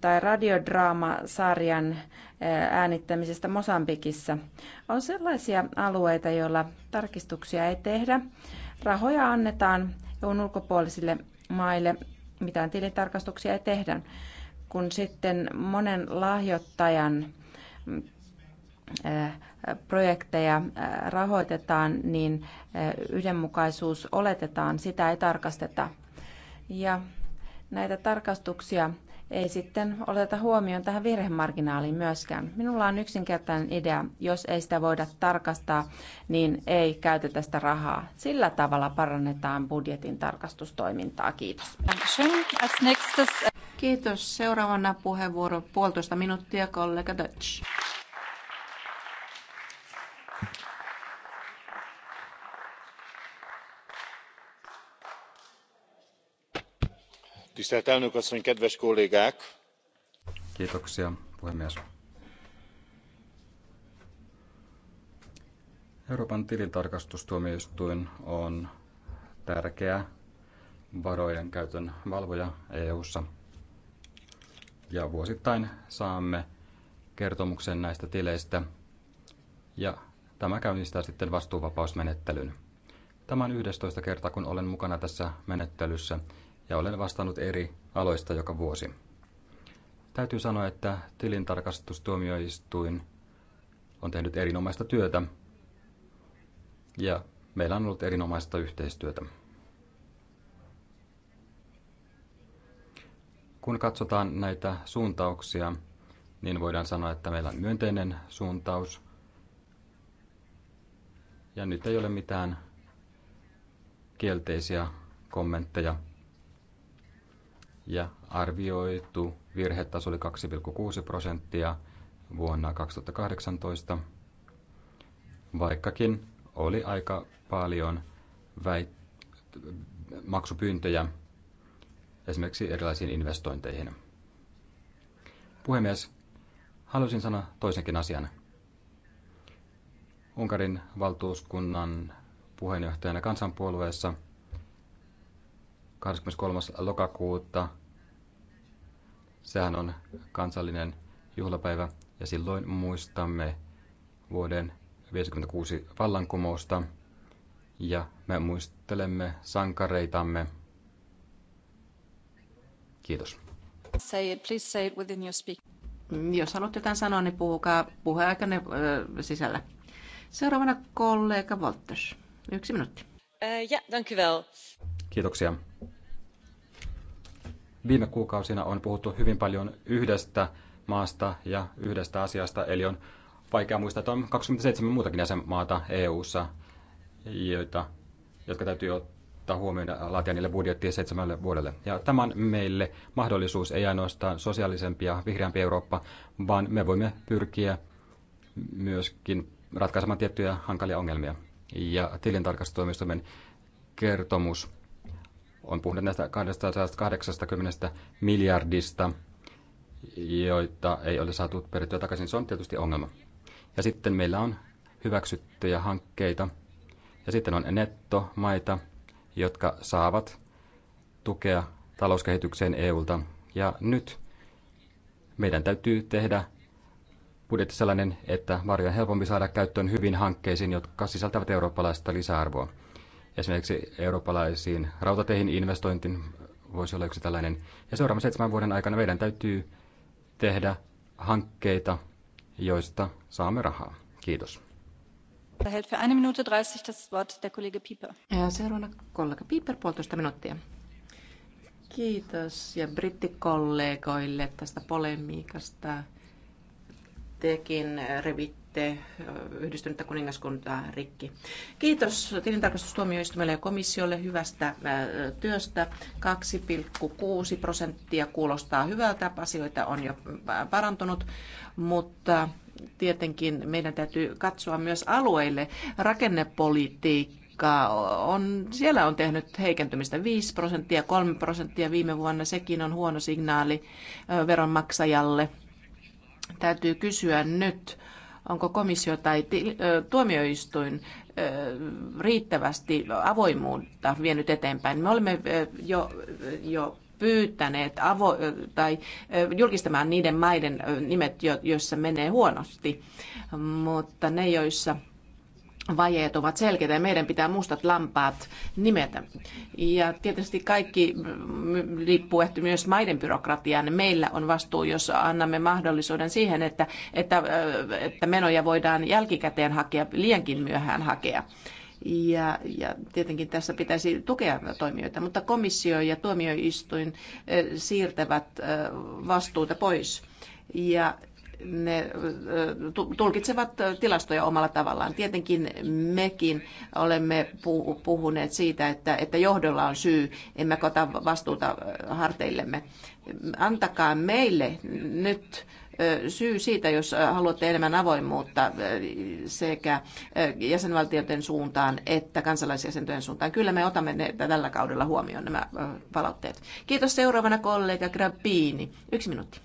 tai radiodraamasarjan eh, äänittämisestä Mosambikissa. On sellaisia alueita, joilla tarkistuksia ei tehdä. Rahoja annetaan EUn ulkopuolisille maille, mitään tilintarkastuksia ei tehdä. Kun sitten monen lahjoittajan eh, projekteja eh, rahoitetaan, niin yhdenmukaisuus oletetaan, sitä ei tarkasteta. Ja näitä tarkastuksia ei sitten oteta huomioon tähän virhemarginaaliin myöskään. Minulla on yksinkertainen idea, jos ei sitä voida tarkastaa, niin ei käytetä sitä rahaa. Sillä tavalla parannetaan budjetin tarkastustoimintaa. Kiitos. Kiitos. Seuraavana puheenvuoro puolitoista minuuttia kollega Dutch. tisztelt elnök asszony kedves kollégák! Kiitoksia Euroopan tilintarkastustuomioistuin on tärkeä varojen käytön valvoja EU:ssa. Ja vuosittain saamme kertomuksen näistä tileistä ja tämä käynnistää sitten vastuuvapausmenettelyn. Tämä on 11 kerta, kun olen mukana tässä menettelyssä ja olen vastannut eri aloista joka vuosi. Täytyy sanoa, että tilintarkastustuomioistuin on tehnyt erinomaista työtä ja meillä on ollut erinomaista yhteistyötä. Kun katsotaan näitä suuntauksia, niin voidaan sanoa, että meillä on myönteinen suuntaus. Ja nyt ei ole mitään kielteisiä kommentteja ja arvioitu virhetaso oli 2,6 prosenttia vuonna 2018, vaikkakin oli aika paljon väit- maksupyyntöjä esimerkiksi erilaisiin investointeihin. Puhemies, haluaisin sanoa toisenkin asian. Unkarin valtuuskunnan puheenjohtajana kansanpuolueessa – 23. lokakuuta. Sehän on kansallinen juhlapäivä ja silloin muistamme vuoden 56 vallankumousta ja me muistelemme sankareitamme. Kiitos. Say it, please say it within your speak. Jos haluatte jotain sanoa, niin puhukaa puheaikanne äh, sisällä. Seuraavana kollega Walters. Yksi minuutti. Uh, ja, yeah, Kiitoksia. Viime kuukausina on puhuttu hyvin paljon yhdestä maasta ja yhdestä asiasta, eli on vaikea muistaa, että on 27 muutakin jäsenmaata EU-ssa, joita, jotka täytyy ottaa huomioon laatia niille budjettia seitsemälle vuodelle. Ja tämä on meille mahdollisuus, ei ainoastaan sosiaalisempi ja vihreämpi Eurooppa, vaan me voimme pyrkiä myöskin ratkaisemaan tiettyjä hankalia ongelmia. Ja tilintarkastustoimistomen kertomus on puhunut näistä 280 miljardista, joita ei ole saatu perittyä takaisin. Se on tietysti ongelma. Ja sitten meillä on hyväksyttyjä hankkeita. Ja sitten on nettomaita, jotka saavat tukea talouskehitykseen EUlta. Ja nyt meidän täytyy tehdä budjetti sellainen, että varjo on helpompi saada käyttöön hyvin hankkeisiin, jotka sisältävät eurooppalaista lisäarvoa. Esimerkiksi eurooppalaisiin rautateihin investointiin voisi olla yksi tällainen. Ja seuraavan seitsemän vuoden aikana meidän täytyy tehdä hankkeita, joista saamme rahaa. Kiitos. 30 Seuraavana kollega Pieper, puolitoista minuuttia. Kiitos ja brittikollegoille tästä polemiikasta tekin eh, revitte eh, yhdistynyttä kuningaskuntaa rikki. Kiitos tilintarkastustuomioistumille ja komissiolle hyvästä eh, työstä. 2,6 prosenttia kuulostaa hyvältä, asioita on jo parantunut, mutta tietenkin meidän täytyy katsoa myös alueille rakennepolitiikka on, siellä on tehnyt heikentymistä 5 prosenttia, 3 prosenttia viime vuonna. Sekin on huono signaali veronmaksajalle. Täytyy kysyä nyt, onko komissio tai tuomioistuin riittävästi avoimuutta vienyt eteenpäin. Me olemme jo, jo pyytäneet avo- tai julkistamaan niiden maiden nimet, joissa menee huonosti, mutta ne, joissa vajeet ovat selkeitä ja meidän pitää mustat lampaat nimetä. Ja tietysti kaikki mm, riippuu ehkä myös maiden byrokratiaan. Meillä on vastuu, jos annamme mahdollisuuden siihen, että, että, että menoja voidaan jälkikäteen hakea, liiankin myöhään hakea. Ja, ja tietenkin tässä pitäisi tukea toimijoita, mutta komissio ja tuomioistuin siirtävät vastuuta pois. Ja ne tulkitsevat tilastoja omalla tavallaan. Tietenkin mekin olemme puhuneet siitä, että, että johdolla on syy, emme kota vastuuta harteillemme. Antakaa meille nyt syy siitä, jos haluatte enemmän avoimuutta sekä jäsenvaltioiden suuntaan että kansalaisjäsentöjen suuntaan. Kyllä me otamme ne tällä kaudella huomioon nämä palautteet. Kiitos seuraavana kollega Grappini. Yksi minuutti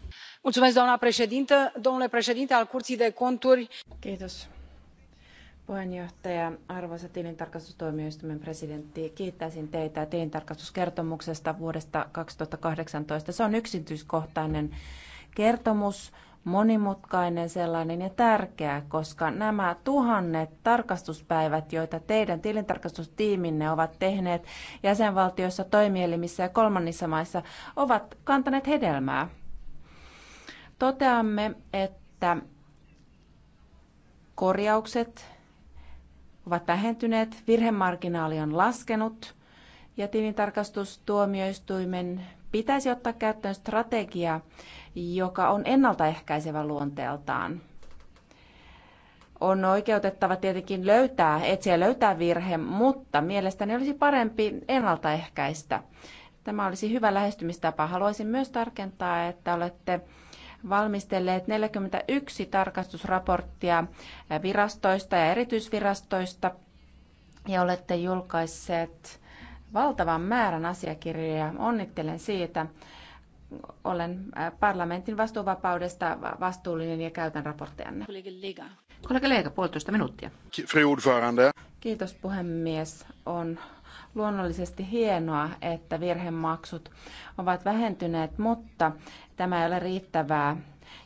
doamnă președintă domnule președinte al curții de conturi puheenjohtaja arvoisa tilintarkastustuomioistuimen presidentti kiittäisin teitä tilintarkastuskertomuksesta vuodesta kaksituhatta kahdeksantoista se on yksityiskohtainen kertomus monimutkainen sellainen ja tärkeä, koska nämä tuhannet tarkastuspäivät, joita teidän tilintarkastustiiminne ovat tehneet jäsenvaltioissa, toimielimissä ja kolmannissa maissa, ovat kantaneet hedelmää. Toteamme, että korjaukset ovat vähentyneet, virhemarginaali on laskenut ja tilintarkastustuomioistuimen pitäisi ottaa käyttöön strategia, joka on ennaltaehkäisevä luonteeltaan. On oikeutettava tietenkin löytää, etsiä löytää virhe, mutta mielestäni olisi parempi ennaltaehkäistä. Tämä olisi hyvä lähestymistapa. Haluaisin myös tarkentaa, että olette valmistelleet 41 tarkastusraporttia virastoista ja erityisvirastoista ja olette julkaisseet valtavan määrän asiakirjoja. Onnittelen siitä. Olen äh, parlamentin vastuuvapaudesta vastuullinen ja käytän raporttejanne. Kollega Leega, puolitoista minuuttia. Kiitos puhemies. On luonnollisesti hienoa, että virhemaksut ovat vähentyneet, mutta Tämä ei ole riittävää.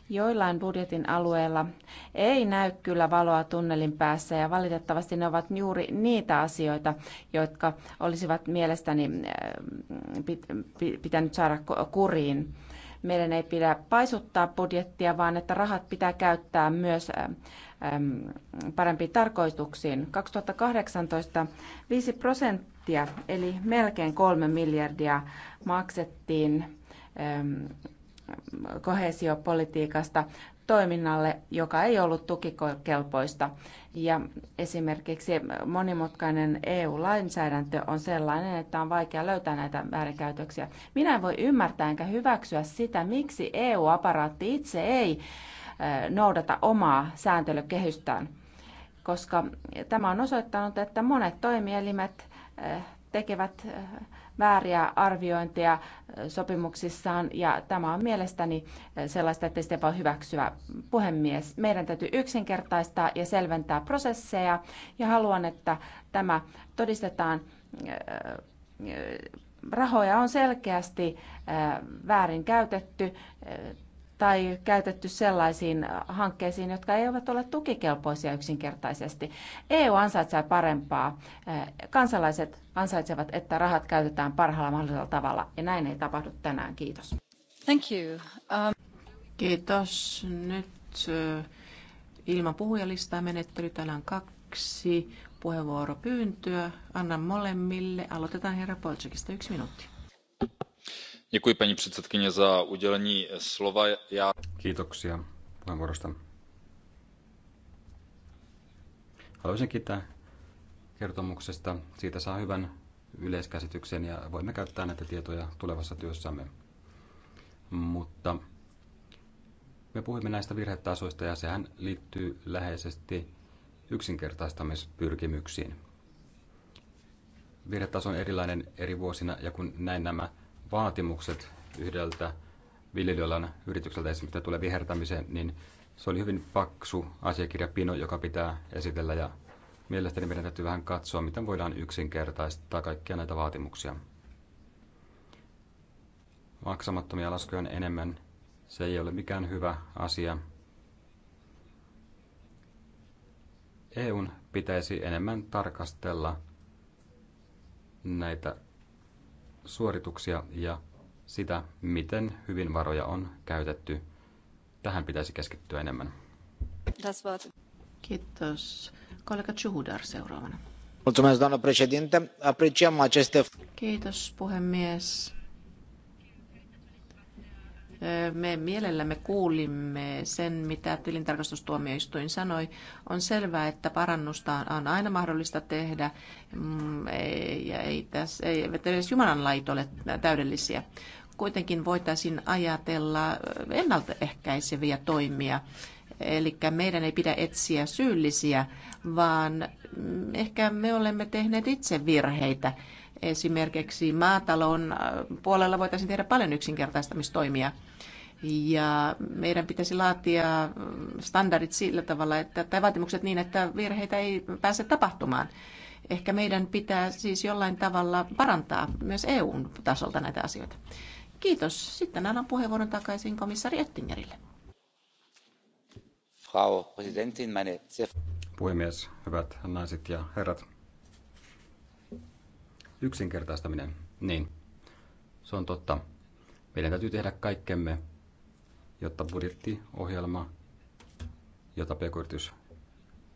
Joillain budjetin alueilla ei näy kyllä valoa tunnelin päässä ja valitettavasti ne ovat juuri niitä asioita, jotka olisivat mielestäni äh, pitänyt saada kuriin. Meidän ei pidä paisuttaa budjettia, vaan että rahat pitää käyttää myös äh, parempiin tarkoituksiin. 2018 5 prosenttia, eli melkein 3 miljardia maksettiin kohesiopolitiikasta toiminnalle, joka ei ollut tukikelpoista. Ja esimerkiksi monimutkainen EU-lainsäädäntö on sellainen, että on vaikea löytää näitä väärinkäytöksiä. Minä en voi ymmärtää enkä hyväksyä sitä, miksi EU-aparaatti itse ei noudata omaa sääntelykehystään, koska tämä on osoittanut, että monet toimielimet tekevät vääriä arviointeja sopimuksissaan ja tämä on mielestäni sellaista, että sitä voi hyväksyä puhemies. Meidän täytyy yksinkertaistaa ja selventää prosesseja ja haluan, että tämä todistetaan rahoja on selkeästi väärin käytetty tai käytetty sellaisiin hankkeisiin, jotka eivät ole tukikelpoisia yksinkertaisesti. EU ansaitsee parempaa. Kansalaiset ansaitsevat, että rahat käytetään parhaalla mahdollisella tavalla, ja näin ei tapahdu tänään. Kiitos. Thank you. Um... Kiitos. Nyt ilman puhujalistaa menettely. Täällä on kaksi puheenvuoropyyntöä. Annan molemmille. Aloitetaan herra Polchekista. Yksi minuutti paní předsedající kiitoksia Haluaisin kiittää kertomuksesta. Siitä saa hyvän yleiskäsityksen ja voimme käyttää näitä tietoja tulevassa työssämme. Mutta me puhuimme näistä virhetasoista ja sehän liittyy läheisesti yksinkertaistamispyrkimyksiin. Virhetaso on erilainen eri vuosina ja kun näin nämä vaatimukset yhdeltä viljelijöiden yritykseltä esimerkiksi mitä tulee vihertämiseen, niin se oli hyvin paksu asiakirjapino, joka pitää esitellä ja mielestäni meidän täytyy vähän katsoa, miten voidaan yksinkertaistaa kaikkia näitä vaatimuksia. Maksamattomia laskuja on enemmän. Se ei ole mikään hyvä asia. EUn pitäisi enemmän tarkastella näitä suorituksia ja sitä, miten hyvin varoja on käytetty. Tähän pitäisi keskittyä enemmän. Kiitos. Kollega Chuhudar seuraavana. Mulțumesc, doamnă președinte. Apreciem aceste... Kiitos, puhemies me mielellämme kuulimme sen, mitä tilintarkastustuomioistuin sanoi. On selvää, että parannusta on aina mahdollista tehdä, mm, ja ei tässä, ei, edes Jumalan lait ole täydellisiä. Kuitenkin voitaisiin ajatella ennaltaehkäiseviä toimia. Eli meidän ei pidä etsiä syyllisiä, vaan mm, ehkä me olemme tehneet itse virheitä. Esimerkiksi maatalon puolella voitaisiin tehdä paljon yksinkertaistamistoimia ja meidän pitäisi laatia standardit sillä tavalla, että, tai vaatimukset niin, että virheitä ei pääse tapahtumaan. Ehkä meidän pitää siis jollain tavalla parantaa myös EUn tasolta näitä asioita. Kiitos. Sitten annan puheenvuoron takaisin komissaari Oettingerille. Frau Präsidentin, meine sehr... Puhemies, hyvät naiset ja herrat. Yksinkertaistaminen, niin. Se on totta. Meidän täytyy tehdä kaikkemme, jotta budjettiohjelma, jota pk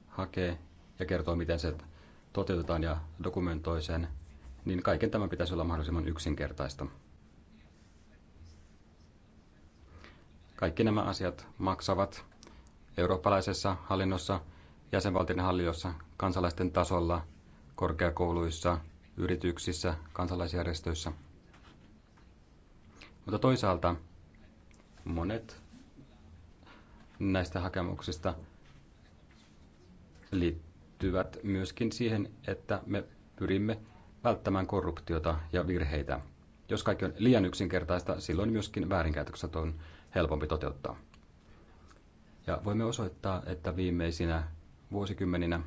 hakee ja kertoo, miten se toteutetaan ja dokumentoi sen, niin kaiken tämän pitäisi olla mahdollisimman yksinkertaista. Kaikki nämä asiat maksavat eurooppalaisessa hallinnossa, jäsenvaltioiden hallinnossa, kansalaisten tasolla, korkeakouluissa, yrityksissä, kansalaisjärjestöissä. Mutta toisaalta Monet näistä hakemuksista liittyvät myöskin siihen, että me pyrimme välttämään korruptiota ja virheitä. Jos kaikki on liian yksinkertaista, silloin myöskin väärinkäytökset on helpompi toteuttaa. Ja voimme osoittaa, että viimeisinä vuosikymmeninä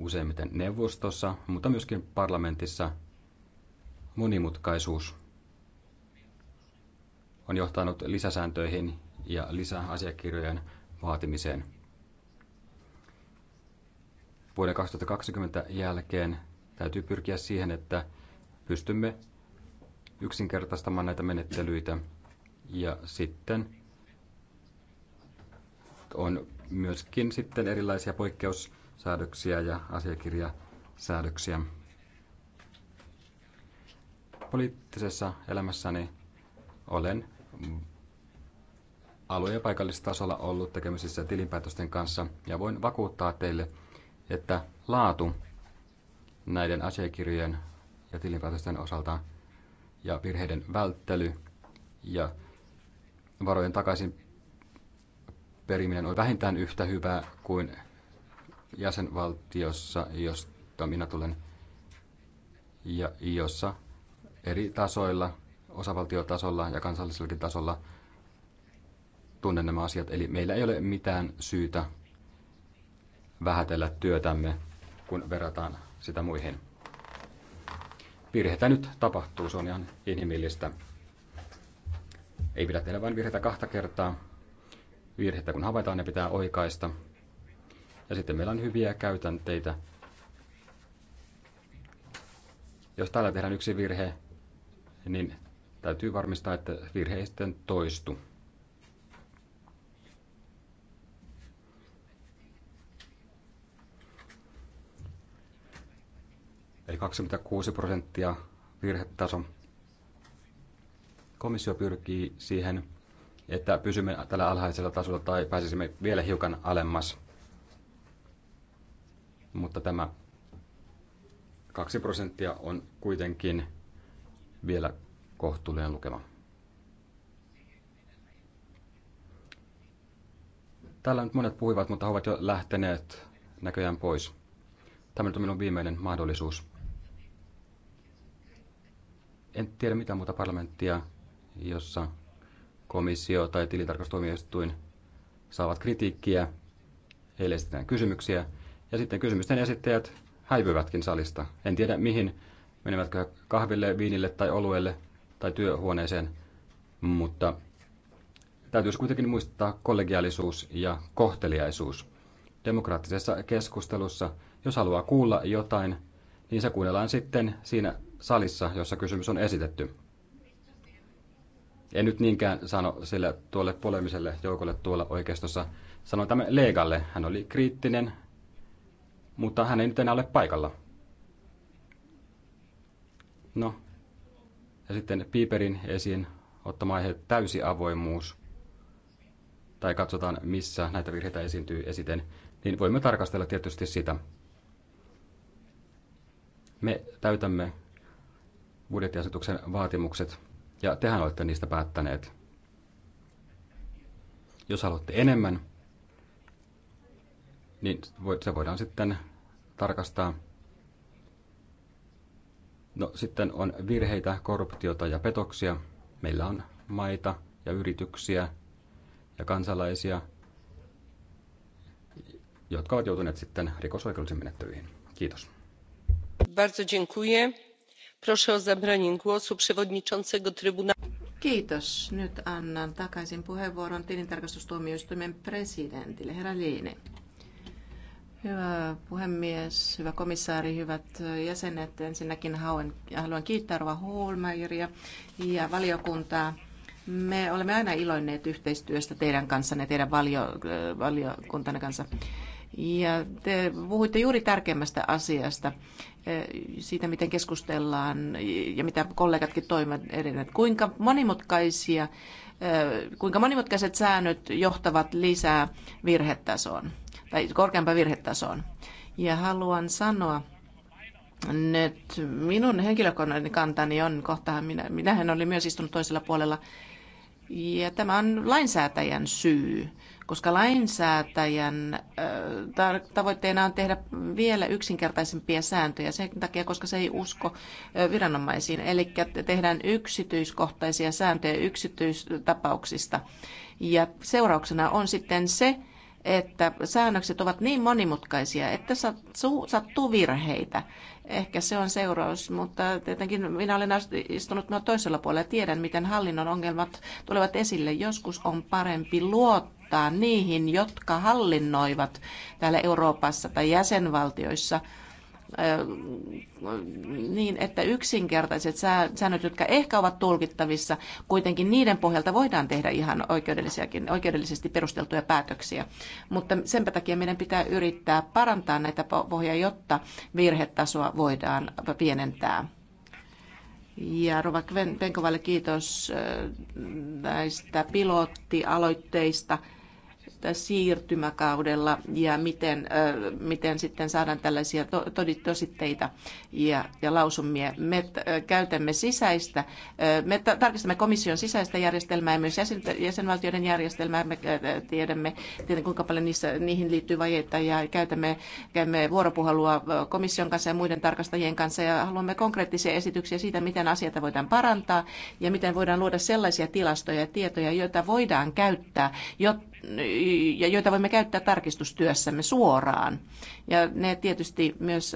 useimmiten neuvostossa, mutta myöskin parlamentissa monimutkaisuus on johtanut lisäsääntöihin ja lisäasiakirjojen vaatimiseen. Vuoden 2020 jälkeen täytyy pyrkiä siihen, että pystymme yksinkertaistamaan näitä menettelyitä ja sitten on myöskin sitten erilaisia poikkeussäädöksiä ja asiakirjasäädöksiä. Poliittisessa elämässäni olen alue- ja paikallistasolla ollut tekemisissä tilinpäätösten kanssa ja voin vakuuttaa teille, että laatu näiden asiakirjojen ja tilinpäätösten osalta ja virheiden välttely ja varojen takaisin periminen on vähintään yhtä hyvää kuin jäsenvaltiossa, josta minä tulen, ja jossa eri tasoilla osavaltiotasolla ja kansallisellakin tasolla tunne nämä asiat. Eli meillä ei ole mitään syytä vähätellä työtämme, kun verrataan sitä muihin. Virheitä nyt tapahtuu, se on ihan inhimillistä. Ei pidä tehdä vain virheitä kahta kertaa. Virheitä kun havaitaan, ne pitää oikaista. Ja sitten meillä on hyviä käytänteitä. Jos täällä tehdään yksi virhe, niin Täytyy varmistaa, että virhe ei sitten toistu. Eli 26 prosenttia virhetaso. Komissio pyrkii siihen, että pysymme tällä alhaisella tasolla tai pääsisimme vielä hiukan alemmas. Mutta tämä 2 prosenttia on kuitenkin vielä kohtuullinen lukema. Täällä nyt monet puhuivat, mutta he ovat jo lähteneet näköjään pois. Tämä nyt on minun viimeinen mahdollisuus. En tiedä mitään muuta parlamenttia, jossa komissio tai tilitarkastuomioistuin saavat kritiikkiä, heille esitetään kysymyksiä, ja sitten kysymysten esittäjät häipyvätkin salista. En tiedä mihin, menevätkö kahville, viinille tai olueelle tai työhuoneeseen, mutta täytyisi kuitenkin muistaa kollegiaalisuus ja kohteliaisuus. Demokraattisessa keskustelussa, jos haluaa kuulla jotain, niin se kuunnellaan sitten siinä salissa, jossa kysymys on esitetty. En nyt niinkään sano sille tuolle polemiselle joukolle tuolla oikeistossa. Sanoin tämän Leegalle. Hän oli kriittinen, mutta hän ei nyt enää ole paikalla. No, ja sitten Piiperin esiin ottama aihe täysi avoimuus, tai katsotaan missä näitä virheitä esiintyy esiten, niin voimme tarkastella tietysti sitä. Me täytämme budjettiasetuksen vaatimukset, ja tehän olette niistä päättäneet. Jos haluatte enemmän, niin se voidaan sitten tarkastaa No sitten on virheitä, korruptiota ja petoksia. Meillä on maita ja yrityksiä ja kansalaisia, jotka ovat joutuneet sitten rikosoikeudellisiin menettelyihin. Kiitos. Bardzo dziękuję. Proszę o zabranie głosu przewodniczącego Trybunału. Kiitos. Nyt annan takaisin puheenvuoron tilintarkastustuomioistuimen presidentille, herra Liine. Hyvä puhemies, hyvä komissaari, hyvät jäsenet. Ensinnäkin haluan kiittää Rova Holmeiria ja valiokuntaa. Me olemme aina iloinneet yhteistyöstä teidän kanssanne, teidän valio, valiokuntanne kanssa. Ja te puhuitte juuri tärkeimmästä asiasta, eh, siitä miten keskustellaan ja mitä kollegatkin toimivat edelleen. Kuinka monimutkaisia, eh, kuinka monimutkaiset säännöt johtavat lisää virhetasoon? tai korkeampaan virhetasoon. Ja haluan sanoa, että minun henkilökohtainen kantani on, kohtahan minä, minähän olin myös istunut toisella puolella, ja tämä on lainsäätäjän syy, koska lainsäätäjän tavoitteena on tehdä vielä yksinkertaisempia sääntöjä sen takia, koska se ei usko viranomaisiin. Eli tehdään yksityiskohtaisia sääntöjä yksityistapauksista. Ja seurauksena on sitten se, että säännökset ovat niin monimutkaisia, että sattuu virheitä. Ehkä se on seuraus, mutta tietenkin minä olen istunut no toisella puolella ja tiedän, miten hallinnon ongelmat tulevat esille. Joskus on parempi luottaa niihin, jotka hallinnoivat täällä Euroopassa tai jäsenvaltioissa – niin, että yksinkertaiset säännöt, jotka ehkä ovat tulkittavissa, kuitenkin niiden pohjalta voidaan tehdä ihan oikeudellisiakin, oikeudellisesti perusteltuja päätöksiä. Mutta sen takia meidän pitää yrittää parantaa näitä pohjia, jotta virhetasoa voidaan pienentää. Ja Rova Penkovalle kiitos näistä pilottialoitteista siirtymäkaudella ja miten, miten sitten saadaan tällaisia tositteita ja, ja lausumia. Me käytämme sisäistä, me tarkistamme komission sisäistä järjestelmää ja myös jäsen, jäsenvaltioiden järjestelmää. Me tiedämme, tiedämme kuinka paljon niissä, niihin liittyy vajeita ja käytämme, käymme vuoropuhelua komission kanssa ja muiden tarkastajien kanssa ja haluamme konkreettisia esityksiä siitä, miten asioita voidaan parantaa ja miten voidaan luoda sellaisia tilastoja ja tietoja, joita voidaan käyttää, jotta ja joita voimme käyttää tarkistustyössämme suoraan. Ja ne tietysti myös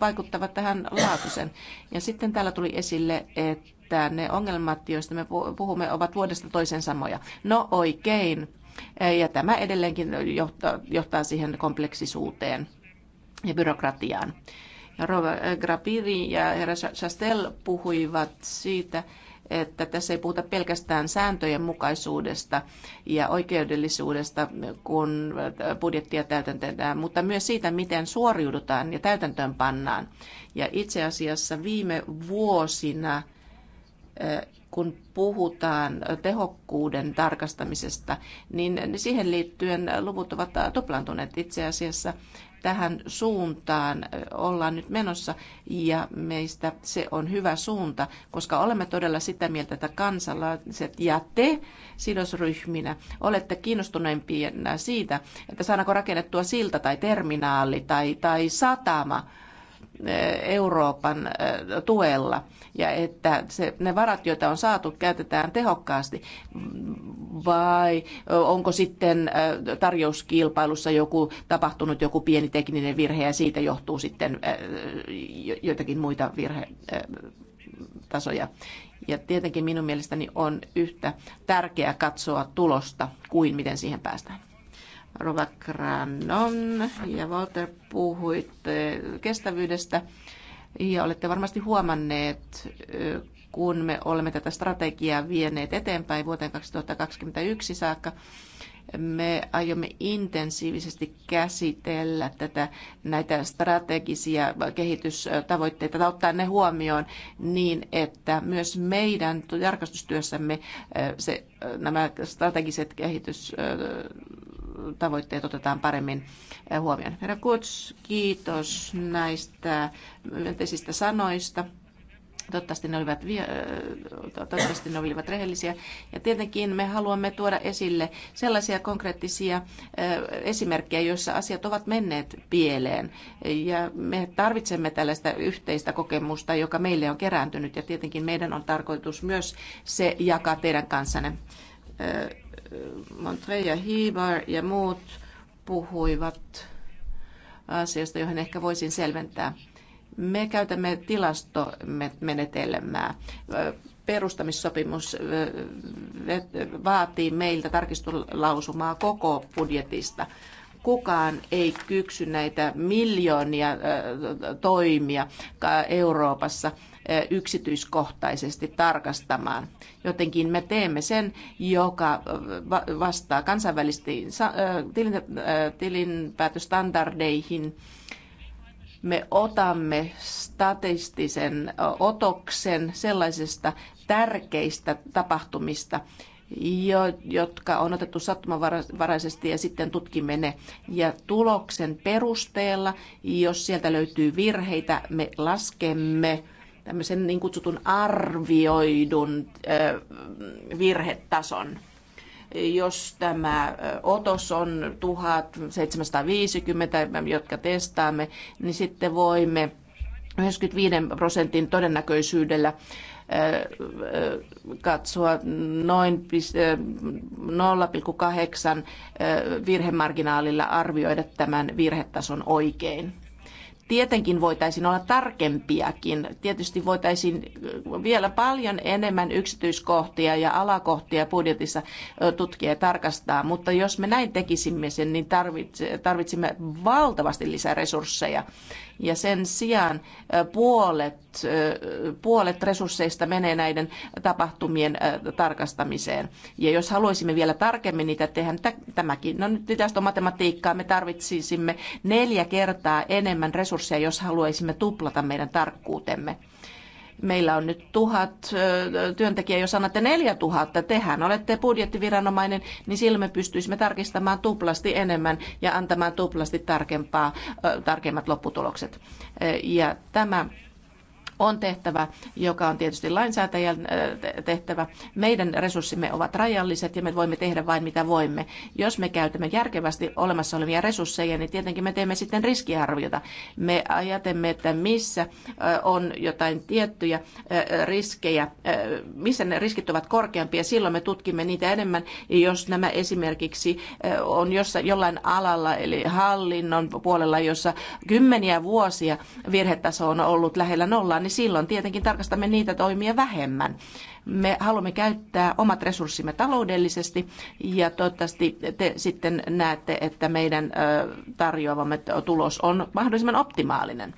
vaikuttavat tähän laatuisen. Ja sitten täällä tuli esille, että ne ongelmat, joista me puhumme, ovat vuodesta toisen samoja. No oikein. Ja tämä edelleenkin johtaa, siihen kompleksisuuteen ja byrokratiaan. Rova Grapiri ja herra Chastel puhuivat siitä, että tässä ei puhuta pelkästään sääntöjen mukaisuudesta ja oikeudellisuudesta, kun budjettia täytäntetään, mutta myös siitä, miten suoriudutaan ja täytäntöön pannaan. Ja itse asiassa viime vuosina eh, kun puhutaan tehokkuuden tarkastamisesta, niin siihen liittyen luvut ovat tuplantuneet itse asiassa tähän suuntaan ollaan nyt menossa ja meistä se on hyvä suunta, koska olemme todella sitä mieltä, että kansalaiset ja te sidosryhminä olette kiinnostuneempia siitä, että saadaanko rakennettua silta tai terminaali tai, tai satama – Eh, Euroopan eh, tuella ja että se, ne varat, joita on saatu, käytetään tehokkaasti? Vai eh, onko sitten tarjouskilpailussa joku tapahtunut joku pieni tekninen virhe ja siitä johtuu sitten joitakin muita virhetasoja? Ja tietenkin minun mielestäni on yhtä tärkeää katsoa tulosta kuin miten siihen päästään. Rova Granon ja Walter puhuit kestävyydestä ja olette varmasti huomanneet, kun me olemme tätä strategiaa vieneet eteenpäin vuoteen 2021 saakka, me aiomme intensiivisesti käsitellä tätä, näitä strategisia kehitystavoitteita, ottaa ne huomioon niin, että myös meidän tarkastustyössämme se, nämä strategiset kehitys tavoitteet otetaan paremmin huomioon. Herra Kuts, kiitos näistä myönteisistä sanoista. Toivottavasti ne, olivat, toivottavasti ne olivat rehellisiä. Ja tietenkin me haluamme tuoda esille sellaisia konkreettisia esimerkkejä, joissa asiat ovat menneet pieleen. Ja me tarvitsemme tällaista yhteistä kokemusta, joka meille on kerääntynyt. Ja tietenkin meidän on tarkoitus myös se jakaa teidän kanssanne. Montreja ja Hibar ja muut puhuivat asiasta, johon ehkä voisin selventää. Me käytämme tilastomenetelmää. Perustamissopimus vaatii meiltä tarkistulausumaa koko budjetista. Kukaan ei kyksy näitä miljoonia toimia Euroopassa yksityiskohtaisesti tarkastamaan. Jotenkin me teemme sen, joka vastaa kansainvälisiin tilinpäätöstandardeihin. Me otamme statistisen otoksen sellaisista tärkeistä tapahtumista, jo, jotka on otettu sattumanvaraisesti ja sitten tutkimme ne. Ja tuloksen perusteella, jos sieltä löytyy virheitä, me laskemme tämmöisen niin kutsutun arvioidun virhetason. Jos tämä otos on 1750, jotka testaamme, niin sitten voimme 95 prosentin todennäköisyydellä katsoa noin 0,8 virhemarginaalilla arvioida tämän virhetason oikein. Tietenkin voitaisiin olla tarkempiakin. Tietysti voitaisiin vielä paljon enemmän yksityiskohtia ja alakohtia budjetissa tutkia ja tarkastaa, mutta jos me näin tekisimme sen, niin tarvitsemme valtavasti lisää resursseja ja sen sijaan puolet, puolet resursseista menee näiden tapahtumien tarkastamiseen. Ja jos haluaisimme vielä tarkemmin niitä tehdä, niin tämäkin, no nyt tästä on matematiikkaa, me tarvitsisimme neljä kertaa enemmän resursseja, jos haluaisimme tuplata meidän tarkkuutemme meillä on nyt tuhat työntekijää, jos annatte neljä tuhatta, tehän olette budjettiviranomainen, niin silloin me pystyisimme tarkistamaan tuplasti enemmän ja antamaan tuplasti tarkempaa, tarkemmat lopputulokset. Ja tämä on tehtävä, joka on tietysti lainsäätäjän äh, tehtävä. Meidän resurssimme ovat rajalliset ja me voimme tehdä vain mitä voimme. Jos me käytämme järkevästi olemassa olevia resursseja, niin tietenkin me teemme sitten riskiarviota. Me ajatemme, että missä äh, on jotain tiettyjä äh, riskejä, missä ne riskit ovat korkeampia, silloin me tutkimme niitä enemmän. Ja jos nämä esimerkiksi on jossain, jollain alalla, eli hallinnon puolella, jossa kymmeniä vuosia virhetaso on ollut lähellä nollaa, niin niin silloin tietenkin tarkastamme niitä toimia vähemmän. Me haluamme käyttää omat resurssimme taloudellisesti ja toivottavasti te sitten näette, että meidän tarjoavamme tulos on mahdollisimman optimaalinen.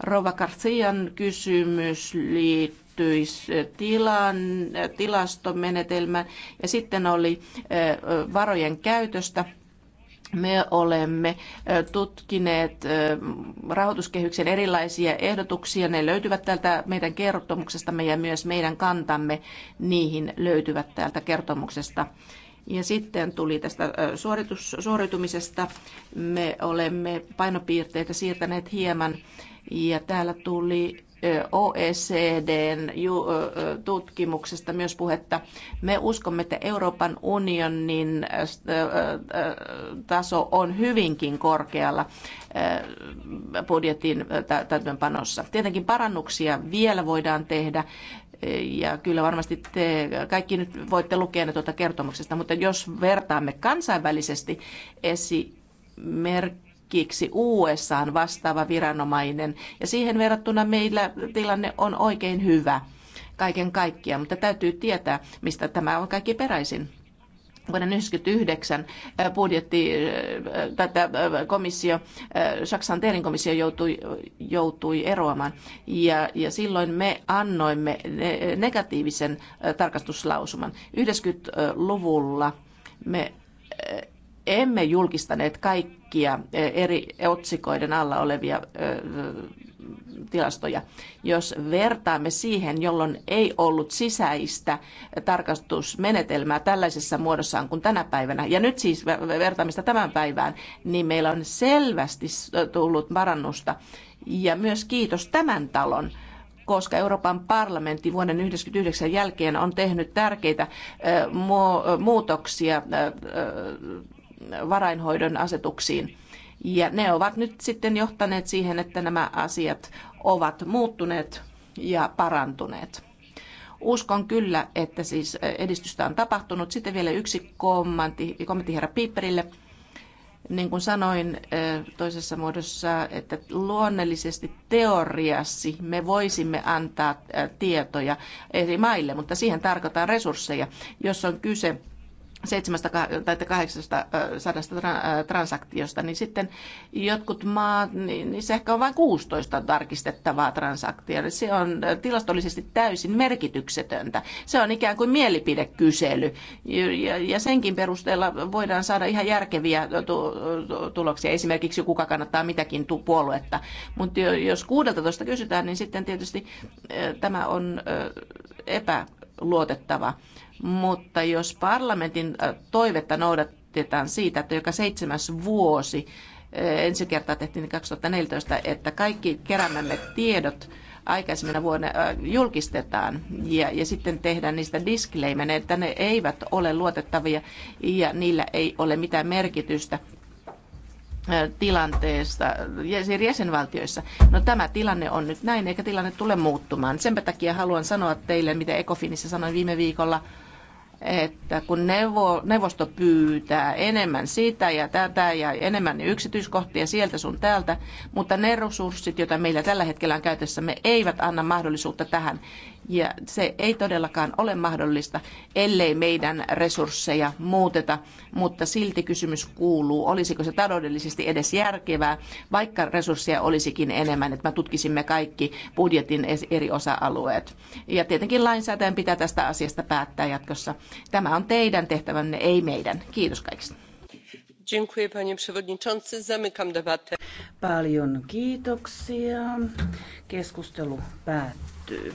Rova Garcian kysymys liittyi tilan, tilastomenetelmään ja sitten oli varojen käytöstä me olemme tutkineet rahoituskehyksen erilaisia ehdotuksia. Ne löytyvät täältä meidän kertomuksestamme ja myös meidän kantamme niihin löytyvät täältä kertomuksesta. Ja sitten tuli tästä suoritus, suoritumisesta. Me olemme painopiirteitä siirtäneet hieman ja täällä tuli OECDn tutkimuksesta myös puhetta. Me uskomme, että Euroopan unionin taso on hyvinkin korkealla budjetin täytäntöönpanossa. Tietenkin parannuksia vielä voidaan tehdä ja kyllä varmasti te kaikki nyt voitte lukea ne tuota kertomuksesta, mutta jos vertaamme kansainvälisesti esimerkiksi kiksi USAan vastaava viranomainen, ja siihen verrattuna meillä tilanne on oikein hyvä kaiken kaikkiaan, mutta täytyy tietää, mistä tämä on kaikki peräisin vuoden 1999 äh, budjetti, äh, tätä äh, komissio, Saksan Teerin komissio joutui, joutui eroamaan. Ja, ja silloin me annoimme negatiivisen tarkastuslausuman. 90-luvulla me emme julkistaneet kaikkia e, eri otsikoiden alla olevia e, tilastoja. Jos vertaamme siihen, jolloin ei ollut sisäistä tarkastusmenetelmää tällaisessa muodossaan kuin tänä päivänä, ja nyt siis vertaamista tämän päivään, niin meillä on selvästi tullut parannusta. Ja myös kiitos tämän talon koska Euroopan parlamentti vuoden 1999 jälkeen on tehnyt tärkeitä e, muutoksia varainhoidon asetuksiin. Ja ne ovat nyt sitten johtaneet siihen, että nämä asiat ovat muuttuneet ja parantuneet. Uskon kyllä, että siis edistystä on tapahtunut. Sitten vielä yksi kommentti, kommentti herra Piipperille. Niin kuin sanoin toisessa muodossa, että luonnollisesti teoriassa me voisimme antaa tietoja eri maille, mutta siihen tarkoitaan resursseja, jos on kyse 700 tai 800 transaktiosta, niin sitten jotkut maat, niin se ehkä on vain 16 tarkistettavaa transaktiota. Se on tilastollisesti täysin merkityksetöntä. Se on ikään kuin mielipidekysely, ja senkin perusteella voidaan saada ihan järkeviä tuloksia. Esimerkiksi kuka kannattaa mitäkin puoluetta. Mutta jos 16 kysytään, niin sitten tietysti tämä on epäluotettava mutta jos parlamentin äh, toivetta noudatetaan siitä, että joka seitsemäs vuosi, äh, ensi kertaa tehtiin 2014, niin että kaikki keräämämme tiedot aikaisemmin vuonna äh, julkistetaan ja, ja sitten tehdään niistä disclaimer, että ne eivät ole luotettavia ja niillä ei ole mitään merkitystä tilanteesta siis jäsenvaltioissa. No tämä tilanne on nyt näin, eikä tilanne tule muuttumaan. Sen takia haluan sanoa teille, mitä Ecofinissa sanoin viime viikolla, että kun neuvo, neuvosto pyytää enemmän sitä ja tätä ja enemmän niin yksityiskohtia sieltä sun täältä, mutta ne resurssit, joita meillä tällä hetkellä on käytössämme, eivät anna mahdollisuutta tähän. Ja se ei todellakaan ole mahdollista, ellei meidän resursseja muuteta, mutta silti kysymys kuuluu, olisiko se taloudellisesti edes järkevää, vaikka resursseja olisikin enemmän, että me tutkisimme kaikki budjetin eri osa-alueet. Ja tietenkin lainsäätäjän pitää tästä asiasta päättää jatkossa. Tämä on teidän tehtävänne, ei meidän. Kiitos kaikista panie przewodniczący! zamykam debatę. paljon kiitoksia keskustelu päättyy.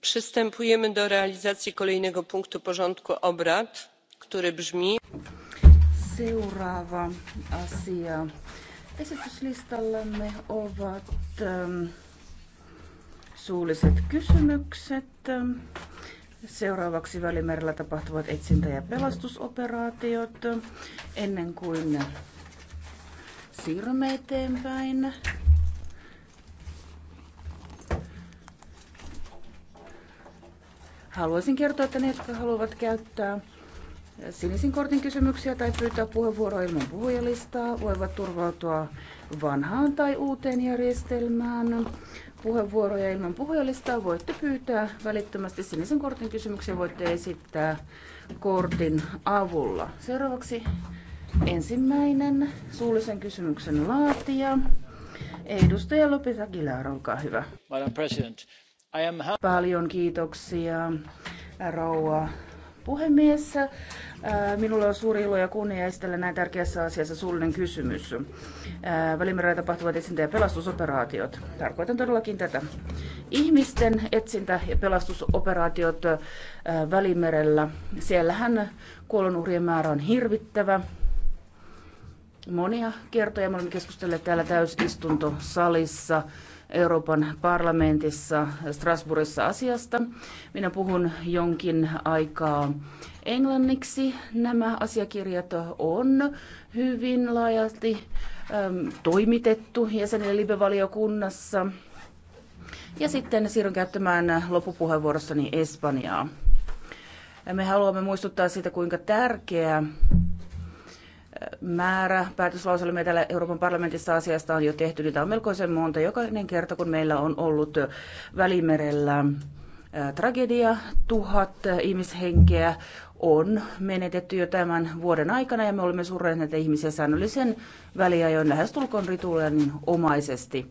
przystępujemy do realizacji kolejnego punktu porządku obrad który brzmi Seuraava asia esityslistallamme ovat suulliset kysymykset. Seuraavaksi Välimerellä tapahtuvat etsintä- ja pelastusoperaatiot. Ennen kuin siirrymme eteenpäin, Haluaisin kertoa, että ne, jotka haluavat käyttää sinisen kortin kysymyksiä tai pyytää puheenvuoroa ilman puhujalistaa, voivat turvautua vanhaan tai uuteen järjestelmään. Puheenvuoroja ilman puhujalistaa voitte pyytää välittömästi sinisen kortin kysymyksiä, voitte esittää kortin avulla. Seuraavaksi ensimmäinen suullisen kysymyksen laatija. Edustaja Lopez Aguilar, olkaa hyvä. Madam President, Paljon kiitoksia, rouva puhemies. Äh, Minulla on suuri ilo ja kunnia esitellä näin tärkeässä asiassa suullinen kysymys. Äh, Välimerellä tapahtuvat etsintä- ja pelastusoperaatiot. Tarkoitan todellakin tätä. Ihmisten etsintä- ja pelastusoperaatiot äh, Välimerellä. Siellähän kuolonuhrien määrä on hirvittävä. Monia kertoja me olemme keskustelleet täällä täysistuntosalissa. salissa Euroopan parlamentissa Strasbourgissa asiasta. Minä puhun jonkin aikaa englanniksi. Nämä asiakirjat on hyvin laajalti äm, toimitettu jäsenille live-valiokunnassa. Ja sitten siirryn käyttämään loppupuheenvuorossani Espanjaa. Me haluamme muistuttaa siitä, kuinka tärkeää määrä. Päätöslauselmia täällä Euroopan parlamentissa asiasta on jo tehty. Niitä on melkoisen monta. Jokainen kerta, kun meillä on ollut Välimerellä tragedia, tuhat ihmishenkeä on menetetty jo tämän vuoden aikana ja me olemme surreet näitä ihmisiä säännöllisen väliajoin lähestulkoon rituaalin omaisesti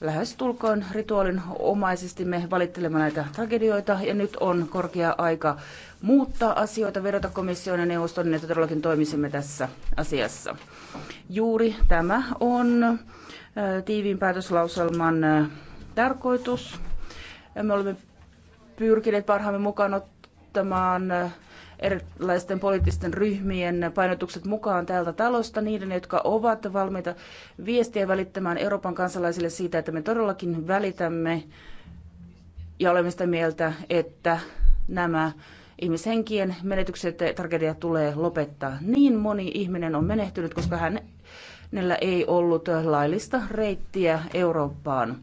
lähes tulkoon omaisesti me valittelemme näitä tragedioita ja nyt on korkea aika muuttaa asioita, vedota komission ja neuvoston, niin että todellakin toimisimme tässä asiassa. Juuri tämä on äh, tiiviin päätöslauselman äh, tarkoitus. Me olemme pyrkineet parhaamme mukaan ottamaan äh, erilaisten poliittisten ryhmien painotukset mukaan täältä talosta, niiden, jotka ovat valmiita viestiä välittämään Euroopan kansalaisille siitä, että me todellakin välitämme ja olemme sitä mieltä, että nämä ihmishenkien menetykset ja tragedia tulee lopettaa. Niin moni ihminen on menehtynyt, koska hänellä ei ollut laillista reittiä Eurooppaan.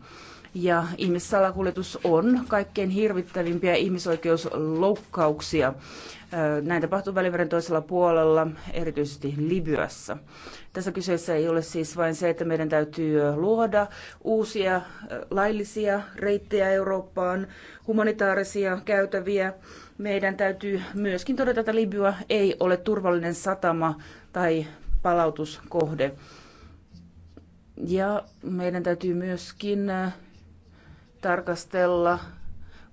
Ja ihmissalakuljetus on kaikkein hirvittävimpiä ihmisoikeusloukkauksia. Näin tapahtuu Välimeren toisella puolella, erityisesti Libyassa. Tässä kyseessä ei ole siis vain se, että meidän täytyy luoda uusia laillisia reittejä Eurooppaan, humanitaarisia käytäviä. Meidän täytyy myöskin todeta, että Libya ei ole turvallinen satama tai palautuskohde. Ja meidän täytyy myöskin tarkastella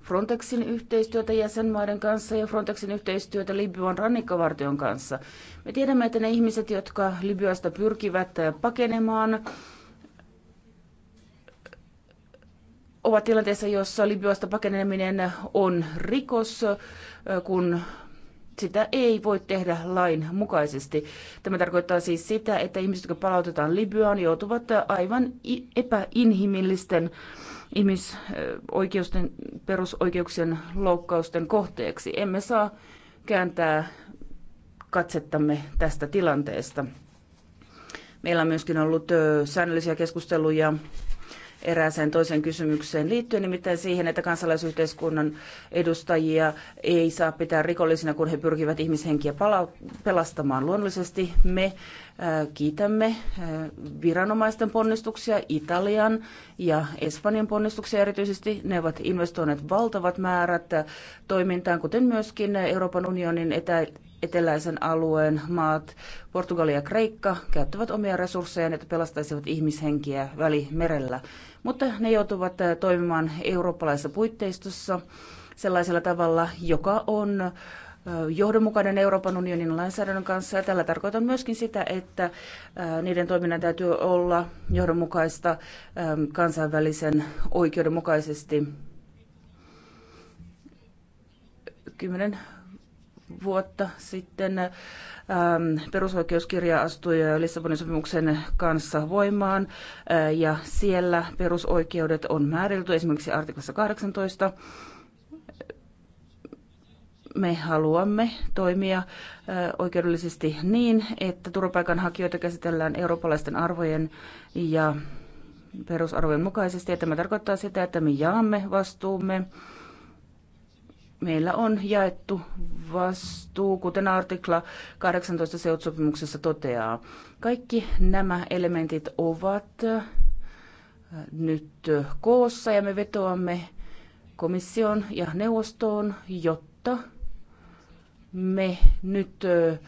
Frontexin yhteistyötä jäsenmaiden kanssa ja Frontexin yhteistyötä Libyan rannikkovartion kanssa. Me tiedämme, että ne ihmiset, jotka Libyasta pyrkivät pakenemaan, ovat tilanteessa, jossa Libyasta pakeneminen on rikos, kun sitä ei voi tehdä lain mukaisesti. Tämä tarkoittaa siis sitä, että ihmiset, jotka palautetaan Libyaan, joutuvat aivan epäinhimillisten ihmisoikeusten, perusoikeuksien loukkausten kohteeksi. Emme saa kääntää katsettamme tästä tilanteesta. Meillä on myöskin ollut säännöllisiä keskusteluja erääseen toiseen kysymykseen liittyen, nimittäin siihen, että kansalaisyhteiskunnan edustajia ei saa pitää rikollisina, kun he pyrkivät ihmishenkiä pelastamaan. Luonnollisesti me äh, kiitämme äh, viranomaisten ponnistuksia, Italian ja Espanjan ponnistuksia erityisesti. Ne ovat investoineet valtavat määrät äh, toimintaan, kuten myöskin Euroopan unionin etä, eteläisen alueen maat, Portugali ja Kreikka, käyttävät omia resurssejaan, että pelastaisivat ihmishenkiä välimerellä mutta ne joutuvat äh, toimimaan eurooppalaisessa puitteistossa sellaisella tavalla, joka on äh, johdonmukainen Euroopan unionin lainsäädännön kanssa. Ja tällä tarkoitan myöskin sitä, että äh, niiden toiminnan täytyy olla johdonmukaista ähm, kansainvälisen oikeudenmukaisesti. Kymmenen vuotta sitten ähm, perusoikeuskirja astui Lissabonin sopimuksen kanssa voimaan äh, ja siellä perusoikeudet on määritelty esimerkiksi artiklassa 18. Me haluamme toimia äh, oikeudellisesti niin, että turvapaikanhakijoita käsitellään eurooppalaisten arvojen ja perusarvojen mukaisesti. Ja tämä tarkoittaa sitä, että me jaamme vastuumme meillä on jaettu vastuu, kuten artikla 18 seutsopimuksessa toteaa. Kaikki nämä elementit ovat äh, nyt koossa ja me vetoamme komission ja neuvostoon, jotta me nyt äh,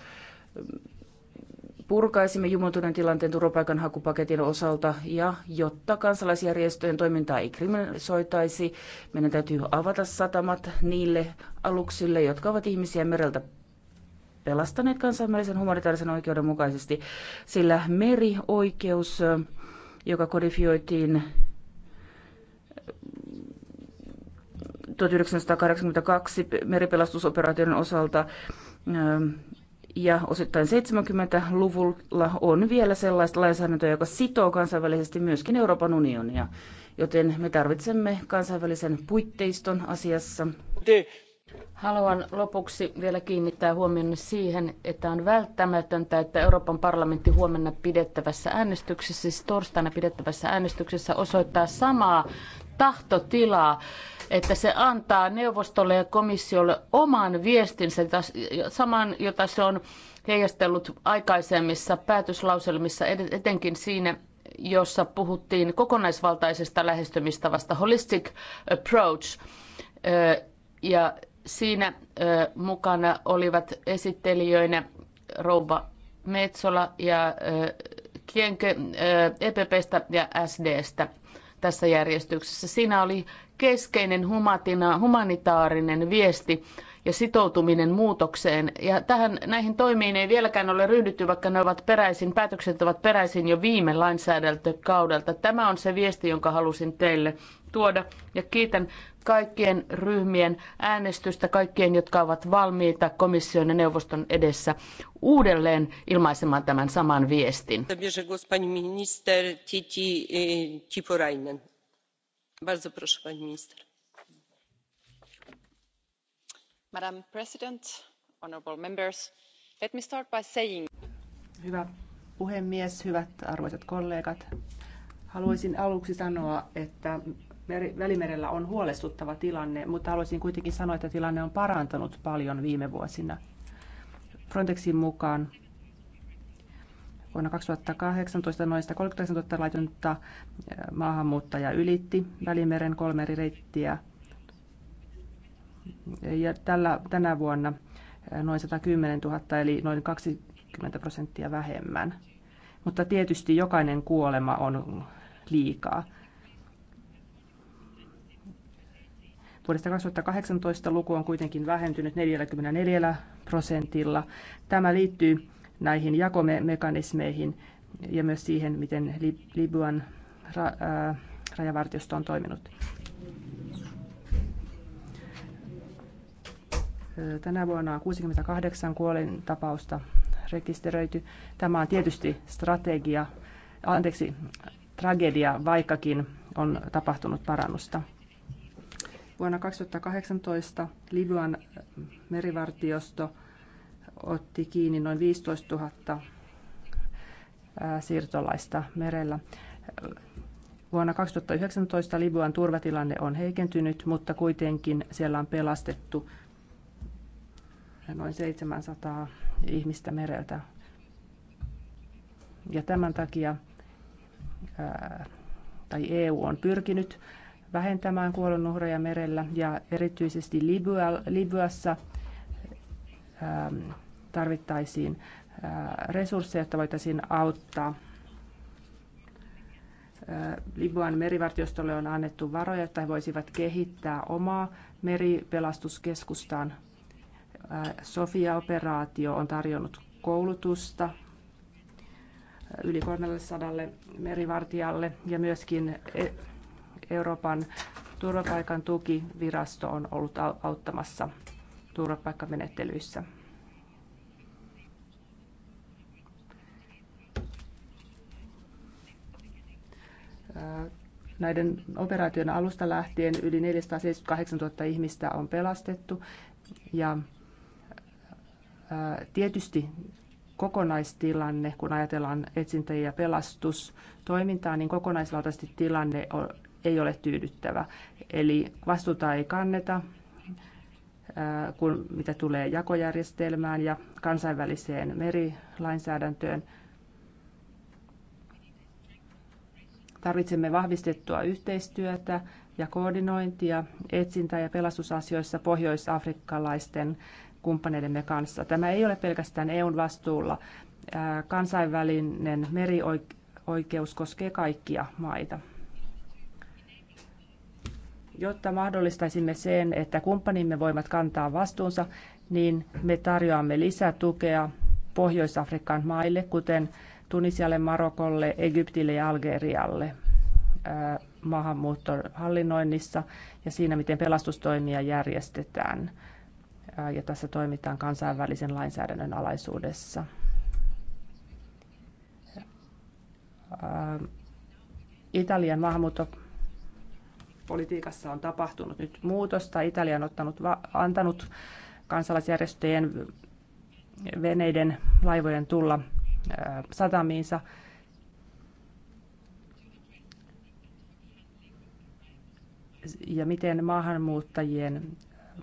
purkaisimme jumontuneen tilanteen turvapaikanhakupaketin osalta ja jotta kansalaisjärjestöjen toimintaa ei kriminalisoitaisi, meidän täytyy avata satamat niille aluksille, jotka ovat ihmisiä mereltä pelastaneet kansainvälisen humanitaarisen oikeuden mukaisesti, sillä merioikeus, joka kodifioitiin 1982 meripelastusoperaation osalta, ja osittain 70-luvulla on vielä sellaista lainsäädäntöä, joka sitoo kansainvälisesti myöskin Euroopan unionia, joten me tarvitsemme kansainvälisen puitteiston asiassa. Haluan lopuksi vielä kiinnittää huomioon siihen, että on välttämätöntä, että Euroopan parlamentti huomenna pidettävässä äänestyksessä, siis torstaina pidettävässä äänestyksessä osoittaa samaa tahtotilaa että se antaa neuvostolle ja komissiolle oman viestinsä, saman, jota se on heijastellut aikaisemmissa päätöslauselmissa, etenkin siinä, jossa puhuttiin kokonaisvaltaisesta lähestymistavasta, holistic approach. Ja siinä mukana olivat esittelijöinä rouva Metsola ja Kienke EPPstä ja SDstä tässä järjestyksessä. Siinä oli keskeinen humatina, humanitaarinen viesti ja sitoutuminen muutokseen. Ja tähän, näihin toimiin ei vieläkään ole ryhdytty, vaikka ne ovat peräisin, päätökset ovat peräisin jo viime lainsäädäntökaudelta. Tämä on se viesti, jonka halusin teille tuoda. Ja kiitän kaikkien ryhmien äänestystä, kaikkien, jotka ovat valmiita komission ja neuvoston edessä uudelleen ilmaisemaan tämän saman viestin madam president honourable members let me start by saying. puhemies hyvät arvoisat kollegat haluaisin aluksi sanoa että välimerellä on huolestuttava tilanne mutta haluaisin kuitenkin sanoa että tilanne on parantunut paljon viime vuosina. frontexin mukaan Vuonna 2018 noista 130 000 laitonta maahanmuuttajaa ylitti Välimeren kolme eri reittiä. Ja tällä, tänä vuonna noin 110 000 eli noin 20 prosenttia vähemmän. Mutta tietysti jokainen kuolema on liikaa. Vuodesta 2018 luku on kuitenkin vähentynyt 44 prosentilla. Tämä liittyy näihin jakomekanismeihin ja myös siihen, miten Libyan ra- äh, rajavartiosto on toiminut. Tänä vuonna on 68 tapausta rekisteröity. Tämä on tietysti strategia, anteeksi, tragedia, vaikkakin on tapahtunut parannusta. Vuonna 2018 Libyan merivartiosto otti kiinni noin 15 000 siirtolaista merellä. Vuonna 2019 Libyan turvatilanne on heikentynyt, mutta kuitenkin siellä on pelastettu noin 700 ihmistä mereltä. Ja tämän takia tai EU on pyrkinyt vähentämään kuolonuhreja merellä ja erityisesti Libyassa tarvittaisiin resursseja, jotta voitaisiin auttaa. Libuan merivartiostolle on annettu varoja, että he voisivat kehittää omaa meripelastuskeskustaan. Sofia-operaatio on tarjonnut koulutusta yli 300 merivartijalle ja myöskin e-, Euroopan turvapaikan tukivirasto on ollut auttamassa turvapaikkamenettelyissä. Näiden operaation alusta lähtien yli 478 000 ihmistä on pelastettu ja tietysti kokonaistilanne, kun ajatellaan etsintä- ja pelastustoimintaa, niin kokonaislautaisesti tilanne ei ole tyydyttävä. Eli vastuuta ei kanneta, kun, mitä tulee jakojärjestelmään ja kansainväliseen merilainsäädäntöön – Tarvitsemme vahvistettua yhteistyötä ja koordinointia etsintä- ja pelastusasioissa pohjoisafrikkalaisten kumppaneidemme kanssa. Tämä ei ole pelkästään EUn vastuulla. Kansainvälinen merioikeus koskee kaikkia maita. Jotta mahdollistaisimme sen, että kumppanimme voivat kantaa vastuunsa, niin me tarjoamme lisätukea Pohjois-Afrikan maille, kuten Tunisialle, Marokolle, Egyptille ja Algerialle maahanmuuttohallinnoinnissa ja siinä, miten pelastustoimia järjestetään. Ja tässä toimitaan kansainvälisen lainsäädännön alaisuudessa. Italian maahanmuuttopolitiikassa on tapahtunut nyt muutosta. Italia on ottanut, antanut kansalaisjärjestöjen veneiden, laivojen tulla satamiinsa. Ja miten maahanmuuttajien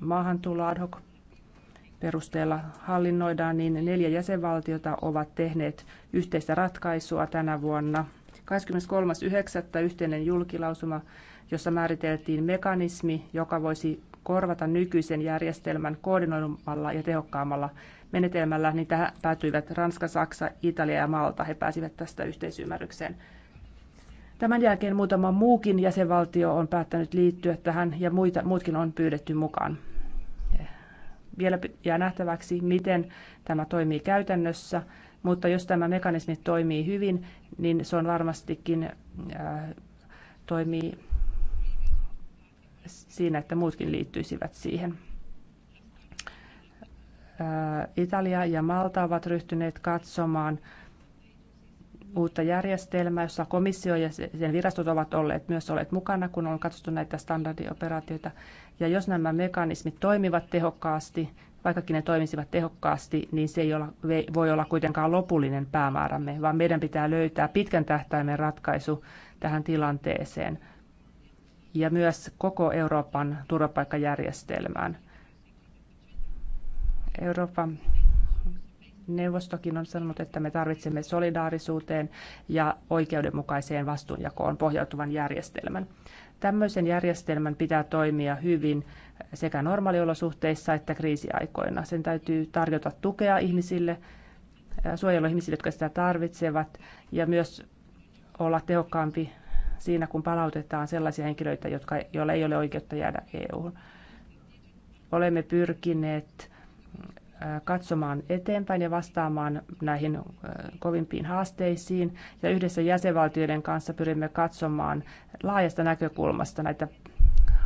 maahantulo ad hoc perusteella hallinnoidaan, niin neljä jäsenvaltiota ovat tehneet yhteistä ratkaisua tänä vuonna. 23.9. yhteinen julkilausuma, jossa määriteltiin mekanismi, joka voisi korvata nykyisen järjestelmän koordinoidummalla ja tehokkaammalla menetelmällä, niin tähän päätyivät Ranska, Saksa, Italia ja Malta. He pääsivät tästä yhteisymmärrykseen. Tämän jälkeen muutama muukin jäsenvaltio on päättänyt liittyä tähän ja muita, muutkin on pyydetty mukaan. Vielä jää nähtäväksi, miten tämä toimii käytännössä, mutta jos tämä mekanismi toimii hyvin, niin se on varmastikin äh, toimii siinä, että muutkin liittyisivät siihen. Italia ja Malta ovat ryhtyneet katsomaan uutta järjestelmää, jossa komissio ja sen virastot ovat olleet myös olleet mukana, kun on katsottu näitä standardioperaatioita. Ja jos nämä mekanismit toimivat tehokkaasti, vaikkakin ne toimisivat tehokkaasti, niin se ei olla, voi olla kuitenkaan lopullinen päämäärämme, vaan meidän pitää löytää pitkän tähtäimen ratkaisu tähän tilanteeseen ja myös koko Euroopan turvapaikkajärjestelmään. Euroopan neuvostokin on sanonut, että me tarvitsemme solidaarisuuteen ja oikeudenmukaiseen vastuunjakoon pohjautuvan järjestelmän. Tämmöisen järjestelmän pitää toimia hyvin sekä normaaliolosuhteissa että kriisiaikoina. Sen täytyy tarjota tukea ihmisille, suojella ihmisille, jotka sitä tarvitsevat, ja myös olla tehokkaampi siinä, kun palautetaan sellaisia henkilöitä, jotka, joilla ei ole oikeutta jäädä EU-hun. Olemme pyrkineet katsomaan eteenpäin ja vastaamaan näihin kovimpiin haasteisiin. Ja yhdessä jäsenvaltioiden kanssa pyrimme katsomaan laajasta näkökulmasta näitä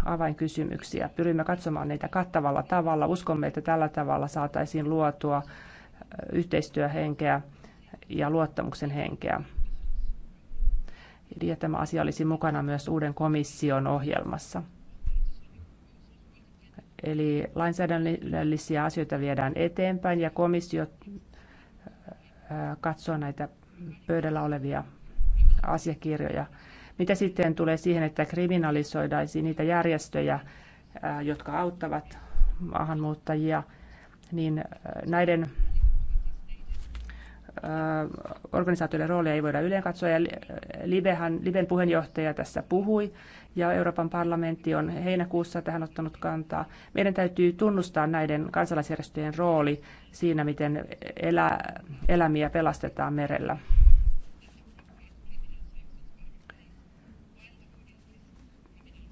avainkysymyksiä. Pyrimme katsomaan niitä kattavalla tavalla. Uskomme, että tällä tavalla saataisiin luotua yhteistyöhenkeä ja luottamuksen henkeä. Ja tämä asia olisi mukana myös uuden komission ohjelmassa. Eli lainsäädännöllisiä asioita viedään eteenpäin ja komissio katsoo näitä pöydällä olevia asiakirjoja. Mitä sitten tulee siihen, että kriminalisoidaisiin niitä järjestöjä, jotka auttavat maahanmuuttajia, niin näiden organisaatioiden roolia ei voida yleen katsoa. Ja Libehan, Liben puheenjohtaja tässä puhui ja Euroopan parlamentti on heinäkuussa tähän ottanut kantaa. Meidän täytyy tunnustaa näiden kansalaisjärjestöjen rooli siinä, miten elä, elämiä pelastetaan merellä.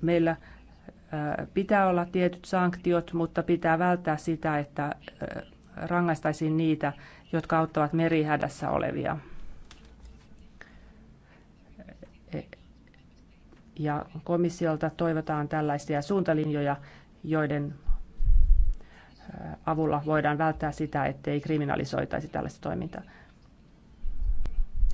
Meillä äh, pitää olla tietyt sanktiot, mutta pitää välttää sitä, että äh, rangaistaisiin niitä, jotka auttavat merihädässä olevia. ja komissiolta toivotaan tällaisia suuntalinjoja, joiden äh, avulla voidaan välttää sitä, ettei kriminalisoitaisi tällaista toimintaa.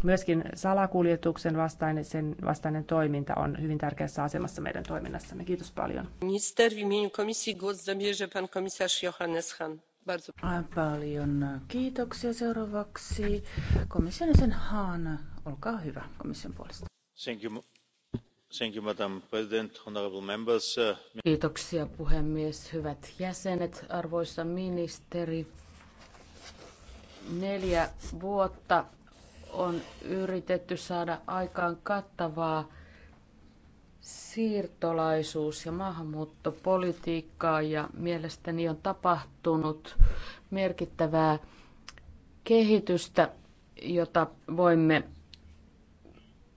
Myöskin salakuljetuksen vastainen, sen vastainen toiminta on hyvin tärkeässä asemassa meidän toiminnassamme. Kiitos paljon. Minister w imieniu komisji głos zabierze pan komisarz Johannes Hahn. Bardzo. Paljon kiitoksia. Seuraavaksi komission sen Hahn. Olkaa hyvä komission puolesta. Thank you. Uh, Kiitoksia puhemies, hyvät jäsenet, arvoisa ministeri. Neljä vuotta on yritetty saada aikaan kattavaa siirtolaisuus- ja maahanmuuttopolitiikkaa ja mielestäni on tapahtunut merkittävää kehitystä, jota voimme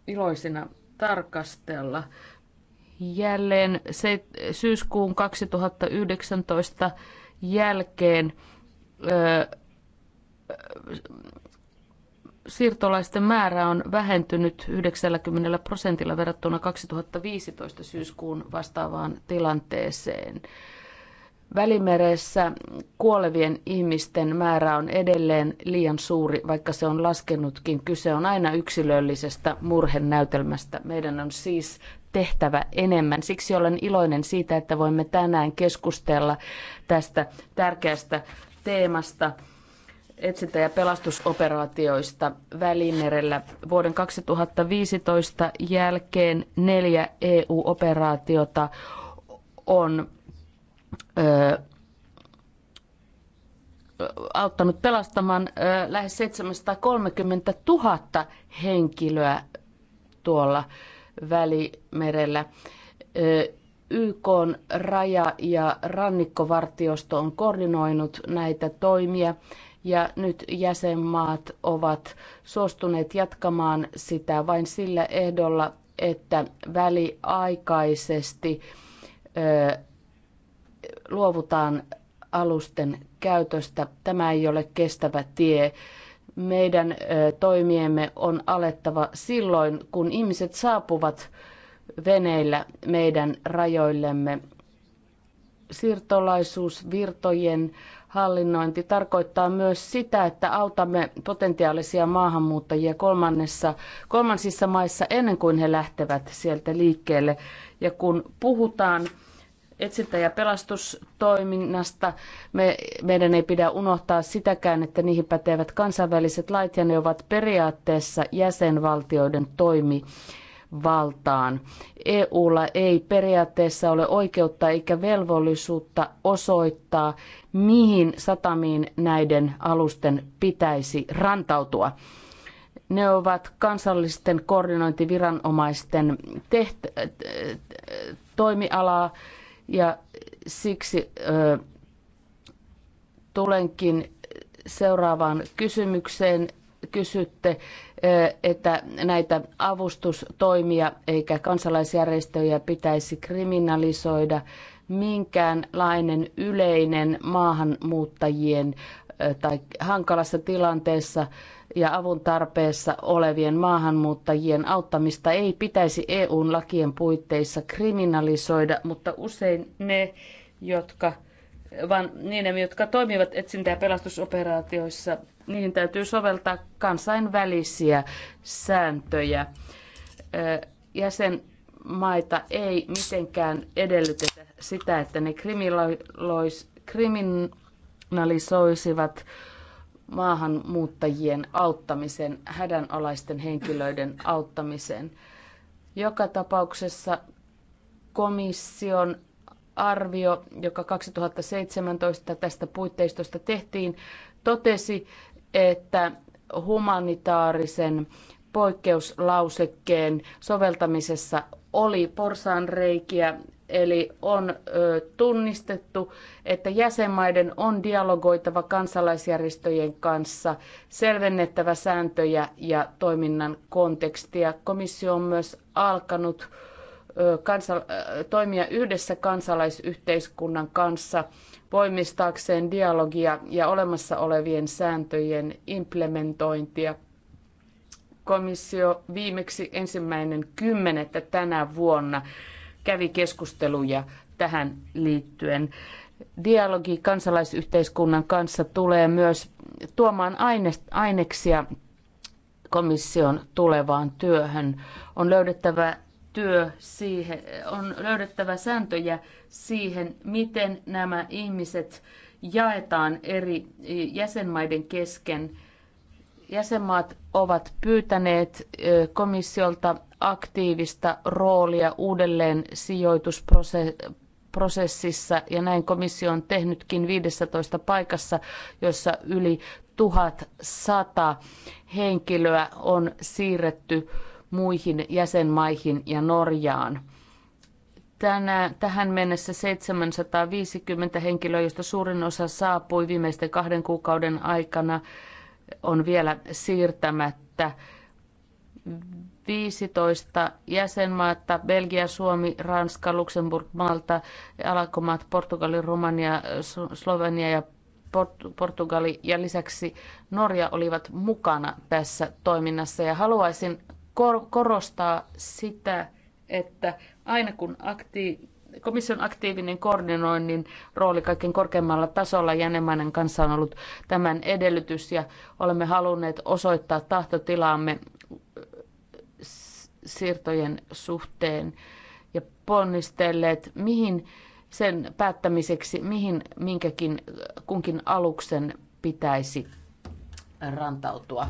iloisina tarkastella. Jälleen se, syyskuun 2019 jälkeen ö, siirtolaisten määrä on vähentynyt 90 prosentilla verrattuna 2015 syyskuun vastaavaan tilanteeseen. Välimeressä kuolevien ihmisten määrä on edelleen liian suuri, vaikka se on laskenutkin. Kyse on aina yksilöllisestä murhenäytelmästä. Meidän on siis tehtävä enemmän. Siksi olen iloinen siitä, että voimme tänään keskustella tästä tärkeästä teemasta etsintä- ja pelastusoperaatioista Välimerellä. Vuoden 2015 jälkeen neljä EU-operaatiota on auttanut pelastamaan lähes 730 000 henkilöä tuolla Välimerellä. YK on raja- ja rannikkovartiosto on koordinoinut näitä toimia ja nyt jäsenmaat ovat suostuneet jatkamaan sitä vain sillä ehdolla, että väliaikaisesti luovutaan alusten käytöstä. Tämä ei ole kestävä tie. Meidän toimiemme on alettava silloin, kun ihmiset saapuvat veneillä meidän rajoillemme. Siirtolaisuusvirtojen hallinnointi tarkoittaa myös sitä, että autamme potentiaalisia maahanmuuttajia kolmannessa, kolmansissa maissa ennen kuin he lähtevät sieltä liikkeelle. Ja kun puhutaan etsintä- ja pelastustoiminnasta. Me, meidän ei pidä unohtaa sitäkään, että niihin pätevät kansainväliset lait ja ne ovat periaatteessa jäsenvaltioiden toimi valtaan. EUlla ei periaatteessa ole oikeutta eikä velvollisuutta osoittaa, mihin satamiin näiden alusten pitäisi rantautua. Ne ovat kansallisten koordinointiviranomaisten teht- toimialaa ja siksi ö, tulenkin seuraavaan kysymykseen. Kysytte, ö, että näitä avustustoimia eikä kansalaisjärjestöjä pitäisi kriminalisoida minkäänlainen yleinen maahanmuuttajien tai hankalassa tilanteessa ja avun tarpeessa olevien maahanmuuttajien auttamista ei pitäisi EUn lakien puitteissa kriminalisoida, mutta usein ne, jotka vaan niiden, jotka toimivat etsintä- ja pelastusoperaatioissa, niihin täytyy soveltaa kansainvälisiä sääntöjä. Jäsenmaita ei mitenkään edellytetä sitä, että ne kriminalisoisivat krimin, kriminalisoisivat maahanmuuttajien auttamisen, hädänalaisten henkilöiden auttamisen. Joka tapauksessa komission arvio, joka 2017 tästä puitteistosta tehtiin, totesi, että humanitaarisen poikkeuslausekkeen soveltamisessa oli porsaanreikiä Eli on tunnistettu, että jäsenmaiden on dialogoitava kansalaisjärjestöjen kanssa, selvennettävä sääntöjä ja toiminnan kontekstia. Komissio on myös alkanut toimia yhdessä kansalaisyhteiskunnan kanssa voimistaakseen dialogia ja olemassa olevien sääntöjen implementointia. Komissio viimeksi ensimmäinen kymmenettä tänä vuonna kävi keskusteluja tähän liittyen. Dialogi kansalaisyhteiskunnan kanssa tulee myös tuomaan aineksia komission tulevaan työhön. On löydettävä työ siihen, on löydettävä sääntöjä siihen, miten nämä ihmiset jaetaan eri jäsenmaiden kesken Jäsenmaat ovat pyytäneet komissiolta aktiivista roolia uudelleen sijoitusprosessissa ja näin komissio on tehnytkin 15 paikassa, jossa yli 1100 henkilöä on siirretty muihin jäsenmaihin ja Norjaan. Tänä, tähän mennessä 750 henkilöä, joista suurin osa saapui viimeisten kahden kuukauden aikana on vielä siirtämättä. 15 jäsenmaata, Belgia, Suomi, Ranska, Luxemburg, Malta, Alakomaat, Portugali, Romania, Slovenia ja Portugali ja lisäksi Norja olivat mukana tässä toiminnassa. Ja haluaisin korostaa sitä, että aina kun akti- komission aktiivinen koordinoinnin rooli kaikkein korkeimmalla tasolla Jänemainen kanssa on ollut tämän edellytys ja olemme halunneet osoittaa tahtotilaamme siirtojen suhteen ja ponnistelleet, mihin sen päättämiseksi, mihin minkäkin kunkin aluksen pitäisi rantautua.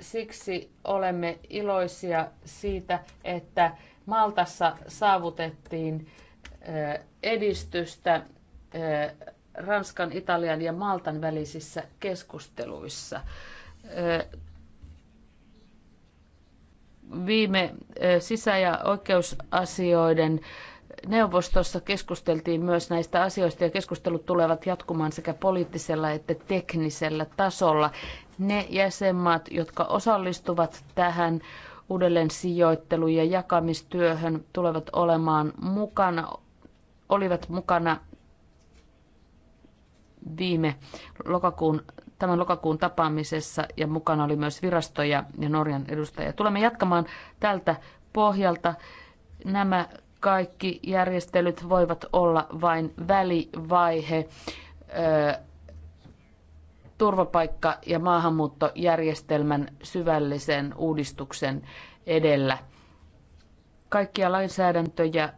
Siksi olemme iloisia siitä, että Maltassa saavutettiin edistystä Ranskan, Italian ja Maltan välisissä keskusteluissa. Viime sisä- ja oikeusasioiden neuvostossa keskusteltiin myös näistä asioista ja keskustelut tulevat jatkumaan sekä poliittisella että teknisellä tasolla. Ne jäsenmaat, jotka osallistuvat tähän, uudelleen sijoittelu- ja jakamistyöhön tulevat olemaan mukana, olivat mukana viime lokakuun, tämän lokakuun tapaamisessa ja mukana oli myös virastoja ja Norjan edustajia. Tulemme jatkamaan tältä pohjalta. Nämä kaikki järjestelyt voivat olla vain välivaihe ö, turvapaikka- ja maahanmuuttojärjestelmän syvällisen uudistuksen edellä. Kaikkia lainsäädäntöjä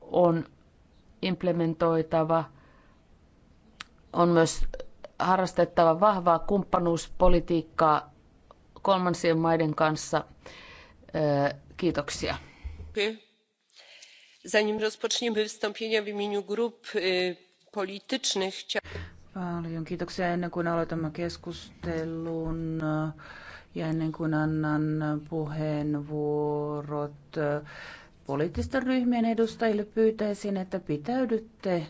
on implementoitava. On myös harrastettava vahvaa kumppanuuspolitiikkaa kolmansien maiden kanssa. Kiitoksia. Zanim rozpoczniemy wystąpienia w imieniu grup politycznych, Paljon kiitoksia ennen kuin aloitamme keskustelun äh, ja ennen kuin annan puheenvuorot äh, poliittisten ryhmien edustajille pyytäisin, että pitäydytte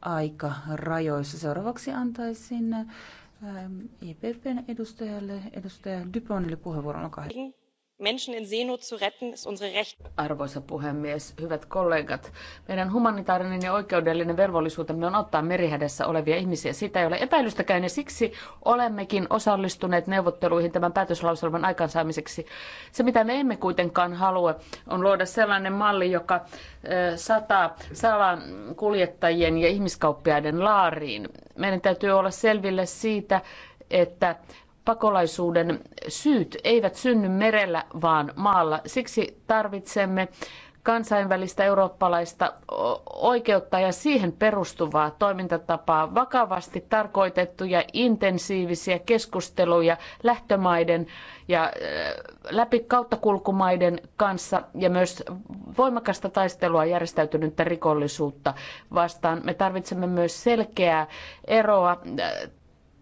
aika rajoissa. Seuraavaksi antaisin IPPn äh, e edustajalle, edustaja Duponille puheenvuoron. Olkaa hyvä. Menschen in Seenot zu retten ist unsere Recht. Arvoisa puhemies, hyvät kollegat, meidän humanitaarinen ja oikeudellinen velvollisuutemme on auttaa merihädässä olevia ihmisiä. Sitä ei ole epäilystäkään niin ja siksi olemmekin osallistuneet neuvotteluihin tämän päätöslauselman aikaansaamiseksi. Se, mitä me emme kuitenkaan halua, on luoda sellainen malli, joka sataa salakuljettajien ja ihmiskauppiaiden laariin. Meidän täytyy olla selville siitä, että pakolaisuuden syyt eivät synny merellä, vaan maalla. Siksi tarvitsemme kansainvälistä eurooppalaista oikeutta ja siihen perustuvaa toimintatapaa, vakavasti tarkoitettuja intensiivisiä keskusteluja lähtömaiden ja läpi kauttakulkumaiden kanssa ja myös voimakasta taistelua järjestäytynyttä rikollisuutta vastaan. Me tarvitsemme myös selkeää eroa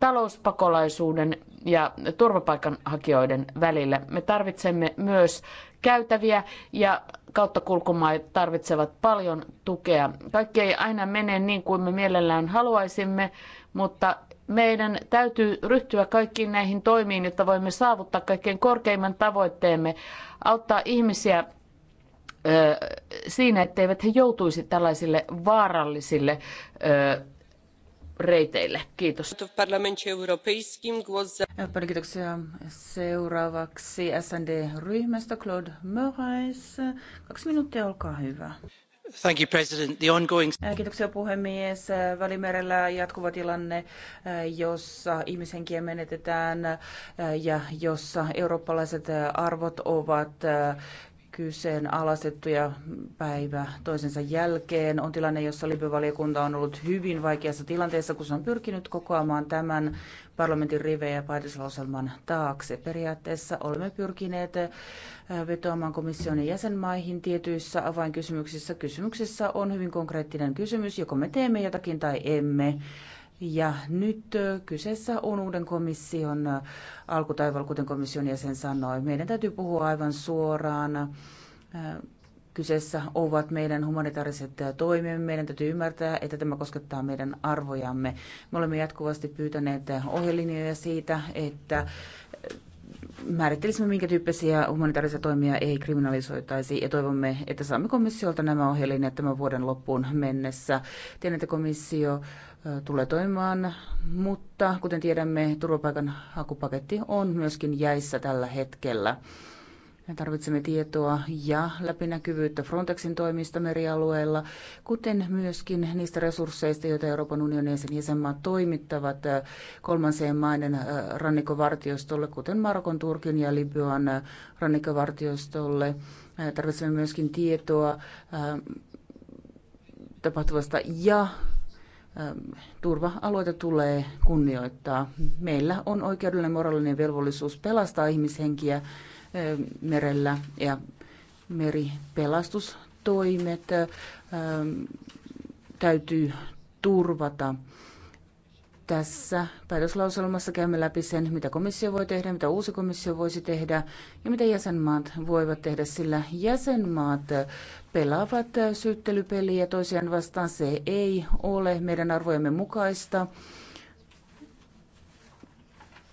talouspakolaisuuden ja turvapaikanhakijoiden välillä. Me tarvitsemme myös käytäviä ja kauttakulkumaat tarvitsevat paljon tukea. Kaikki ei aina mene niin kuin me mielellään haluaisimme, mutta meidän täytyy ryhtyä kaikkiin näihin toimiin, jotta voimme saavuttaa kaikkein korkeimman tavoitteemme, auttaa ihmisiä siinä, etteivät he joutuisi tällaisille vaarallisille reiteille. Kiitos. kiitoksia. Seuraavaksi SND-ryhmästä Claude Moraes. Kaksi minuuttia, olkaa hyvä. Thank you, President. The ongoing... Kiitoksia puhemies. Välimerellä jatkuva tilanne, jossa ihmishenkiä menetetään ja jossa eurooppalaiset arvot ovat kyseenalaistettuja päivä toisensa jälkeen. On tilanne, jossa Libyvaliokunta on ollut hyvin vaikeassa tilanteessa, kun se on pyrkinyt kokoamaan tämän parlamentin rivejä päätöslauselman taakse. Periaatteessa olemme pyrkineet äh, vetoamaan komission jäsenmaihin tietyissä avainkysymyksissä. Kysymyksessä on hyvin konkreettinen kysymys, joko me teemme jotakin tai emme. Ja nyt kyseessä on uuden komission alkutaival, kuten komission jäsen sanoi. Meidän täytyy puhua aivan suoraan. Kyseessä ovat meidän humanitaariset toimemme. Meidän täytyy ymmärtää, että tämä koskettaa meidän arvojamme. Me olemme jatkuvasti pyytäneet ohjelinjoja siitä, että määrittelisimme, minkä tyyppisiä humanitaarisia toimia ei kriminalisoitaisi ja toivomme, että saamme komissiolta nämä ohjelinjat tämän vuoden loppuun mennessä. Tiedän, että komissio tulee toimimaan, mutta kuten tiedämme, turvapaikan hakupaketti on myöskin jäissä tällä hetkellä. Me tarvitsemme tietoa ja läpinäkyvyyttä Frontexin toimista merialueella, kuten myöskin niistä resursseista, joita Euroopan unionin sen jäsenmaat toimittavat kolmansien maiden rannikkovartiostolle, kuten Marokon, Turkin ja Libyan rannikkovartiostolle. Tarvitsemme myöskin tietoa tapahtuvasta ja turva-alueita tulee kunnioittaa. Meillä on oikeudellinen moraalinen velvollisuus pelastaa ihmishenkiä merellä ja meripelastustoimet täytyy turvata tässä päätöslauselmassa käymme läpi sen, mitä komissio voi tehdä, mitä uusi komissio voisi tehdä ja mitä jäsenmaat voivat tehdä, sillä jäsenmaat pelaavat syyttelypeliä toisiaan vastaan. Se ei ole meidän arvojemme mukaista.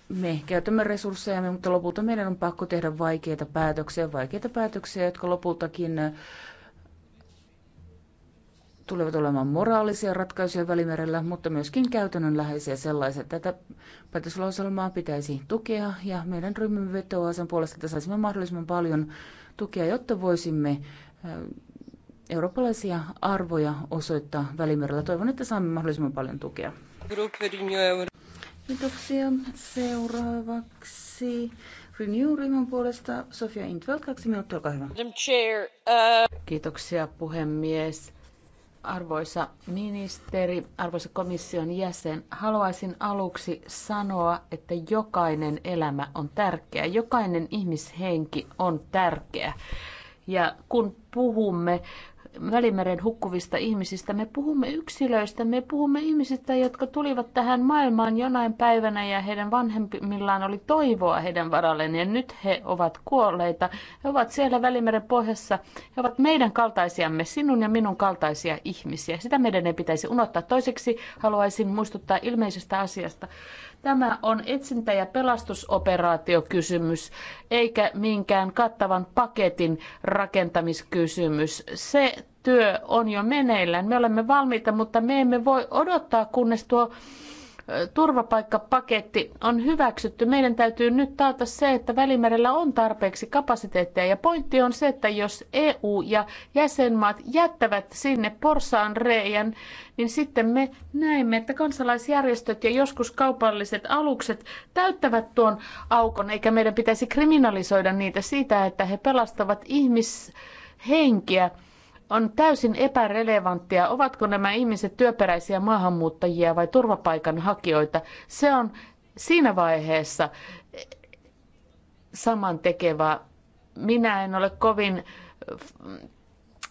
Me käytämme resursseja, mutta lopulta meidän on pakko tehdä vaikeita päätöksiä, vaikeita päätöksiä, jotka lopultakin tulevat olemaan moraalisia ratkaisuja Välimerellä, mutta myöskin käytännönläheisiä sellaisia. Tätä päätöslauselmaa pitäisi tukea ja meidän ryhmämme vetoaa sen puolesta, että saisimme mahdollisimman paljon tukea, jotta voisimme äh, eurooppalaisia arvoja osoittaa Välimerellä. Toivon, että saamme mahdollisimman paljon tukea. Kiitoksia. Seuraavaksi Renew-ryhmän puolesta Sofia Intvel, kaksi minuuttia, olkaa hyvä. Uh- Kiitoksia puhemies Arvoisa ministeri, arvoisa komission jäsen, haluaisin aluksi sanoa, että jokainen elämä on tärkeä, jokainen ihmishenki on tärkeä. Ja kun puhumme välimeren hukkuvista ihmisistä. Me puhumme yksilöistä, me puhumme ihmisistä, jotka tulivat tähän maailmaan jonain päivänä ja heidän vanhemmillaan oli toivoa heidän varalleen ja nyt he ovat kuolleita. He ovat siellä välimeren pohjassa, he ovat meidän kaltaisiamme, sinun ja minun kaltaisia ihmisiä. Sitä meidän ei pitäisi unohtaa. Toiseksi haluaisin muistuttaa ilmeisestä asiasta. Tämä on etsintä- ja pelastusoperaatiokysymys, eikä minkään kattavan paketin rakentamiskysymys. Se työ on jo meneillään. Me olemme valmiita, mutta me emme voi odottaa, kunnes tuo turvapaikkapaketti on hyväksytty. Meidän täytyy nyt taata se, että Välimerellä on tarpeeksi kapasiteettia. Ja pointti on se, että jos EU ja jäsenmaat jättävät sinne porsaan reijän, niin sitten me näemme, että kansalaisjärjestöt ja joskus kaupalliset alukset täyttävät tuon aukon, eikä meidän pitäisi kriminalisoida niitä siitä, että he pelastavat ihmishenkiä on täysin epärelevanttia, ovatko nämä ihmiset työperäisiä maahanmuuttajia vai turvapaikanhakijoita. Se on siinä vaiheessa samantekevä. Minä en ole kovin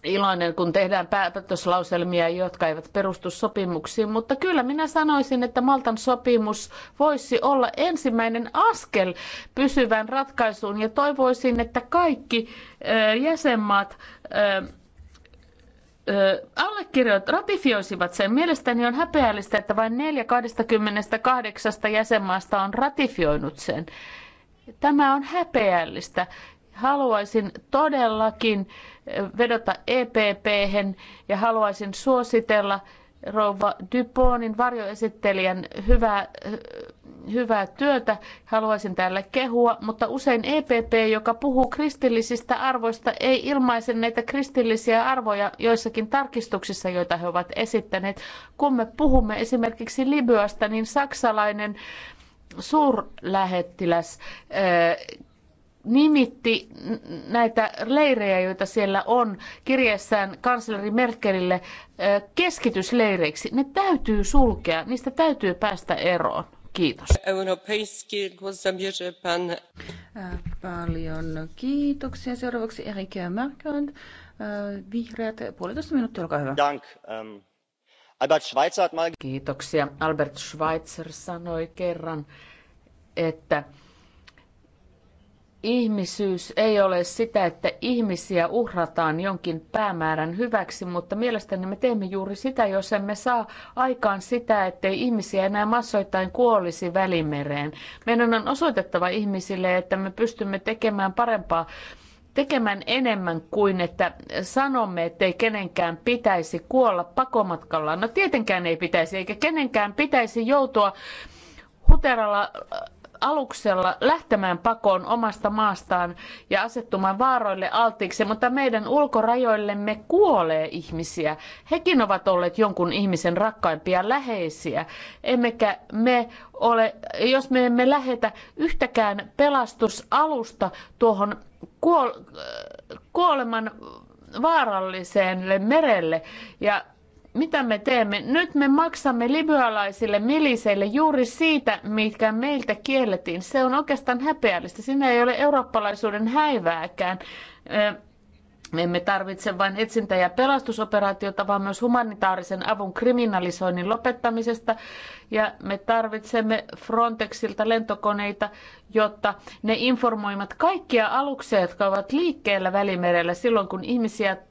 iloinen, kun tehdään päätöslauselmia, jotka eivät perustu sopimuksiin, mutta kyllä minä sanoisin, että Maltan sopimus voisi olla ensimmäinen askel pysyvään ratkaisuun ja toivoisin, että kaikki jäsenmaat allekirjoit ratifioisivat sen. Mielestäni on häpeällistä, että vain 4 28 jäsenmaasta on ratifioinut sen. Tämä on häpeällistä. Haluaisin todellakin vedota epp ja haluaisin suositella rouva Duponin varjoesittelijän hyvää hyvää työtä. Haluaisin täällä kehua, mutta usein EPP, joka puhuu kristillisistä arvoista, ei ilmaise näitä kristillisiä arvoja joissakin tarkistuksissa, joita he ovat esittäneet. Kun me puhumme esimerkiksi Libyasta, niin saksalainen suurlähettiläs eh, nimitti näitä leirejä, joita siellä on kirjeessään kansleri Merkelille eh, keskitysleireiksi. Ne täytyy sulkea, niistä täytyy päästä eroon. Paljon kiitoksia. Seuraavaksi Erik Märkand. Vihreät, puolitoista minuuttia, olkaa hyvä. Dank. Ähm, Albert Schweitzer Kiitoksia. Albert Schweitzer sanoi kerran, että ihmisyys ei ole sitä, että ihmisiä uhrataan jonkin päämäärän hyväksi, mutta mielestäni me teemme juuri sitä, jos emme saa aikaan sitä, ettei ihmisiä enää massoittain kuolisi välimereen. Meidän on osoitettava ihmisille, että me pystymme tekemään parempaa tekemään enemmän kuin, että sanomme, ettei kenenkään pitäisi kuolla pakomatkalla. No tietenkään ei pitäisi, eikä kenenkään pitäisi joutua huteralla aluksella lähtemään pakoon omasta maastaan ja asettumaan vaaroille alttiiksi, mutta meidän ulkorajoillemme kuolee ihmisiä. Hekin ovat olleet jonkun ihmisen rakkaimpia läheisiä. Emmekä me ole, jos me emme lähetä yhtäkään pelastusalusta tuohon kuol- kuoleman merelle ja mitä me teemme? Nyt me maksamme libyalaisille miliseille juuri siitä, mitkä meiltä kiellettiin. Se on oikeastaan häpeällistä. Siinä ei ole eurooppalaisuuden häivääkään. Me emme tarvitse vain etsintä- ja pelastusoperaatiota, vaan myös humanitaarisen avun kriminalisoinnin lopettamisesta. Ja me tarvitsemme Frontexilta lentokoneita, jotta ne informoivat kaikkia aluksia, jotka ovat liikkeellä välimerellä silloin, kun ihmisiä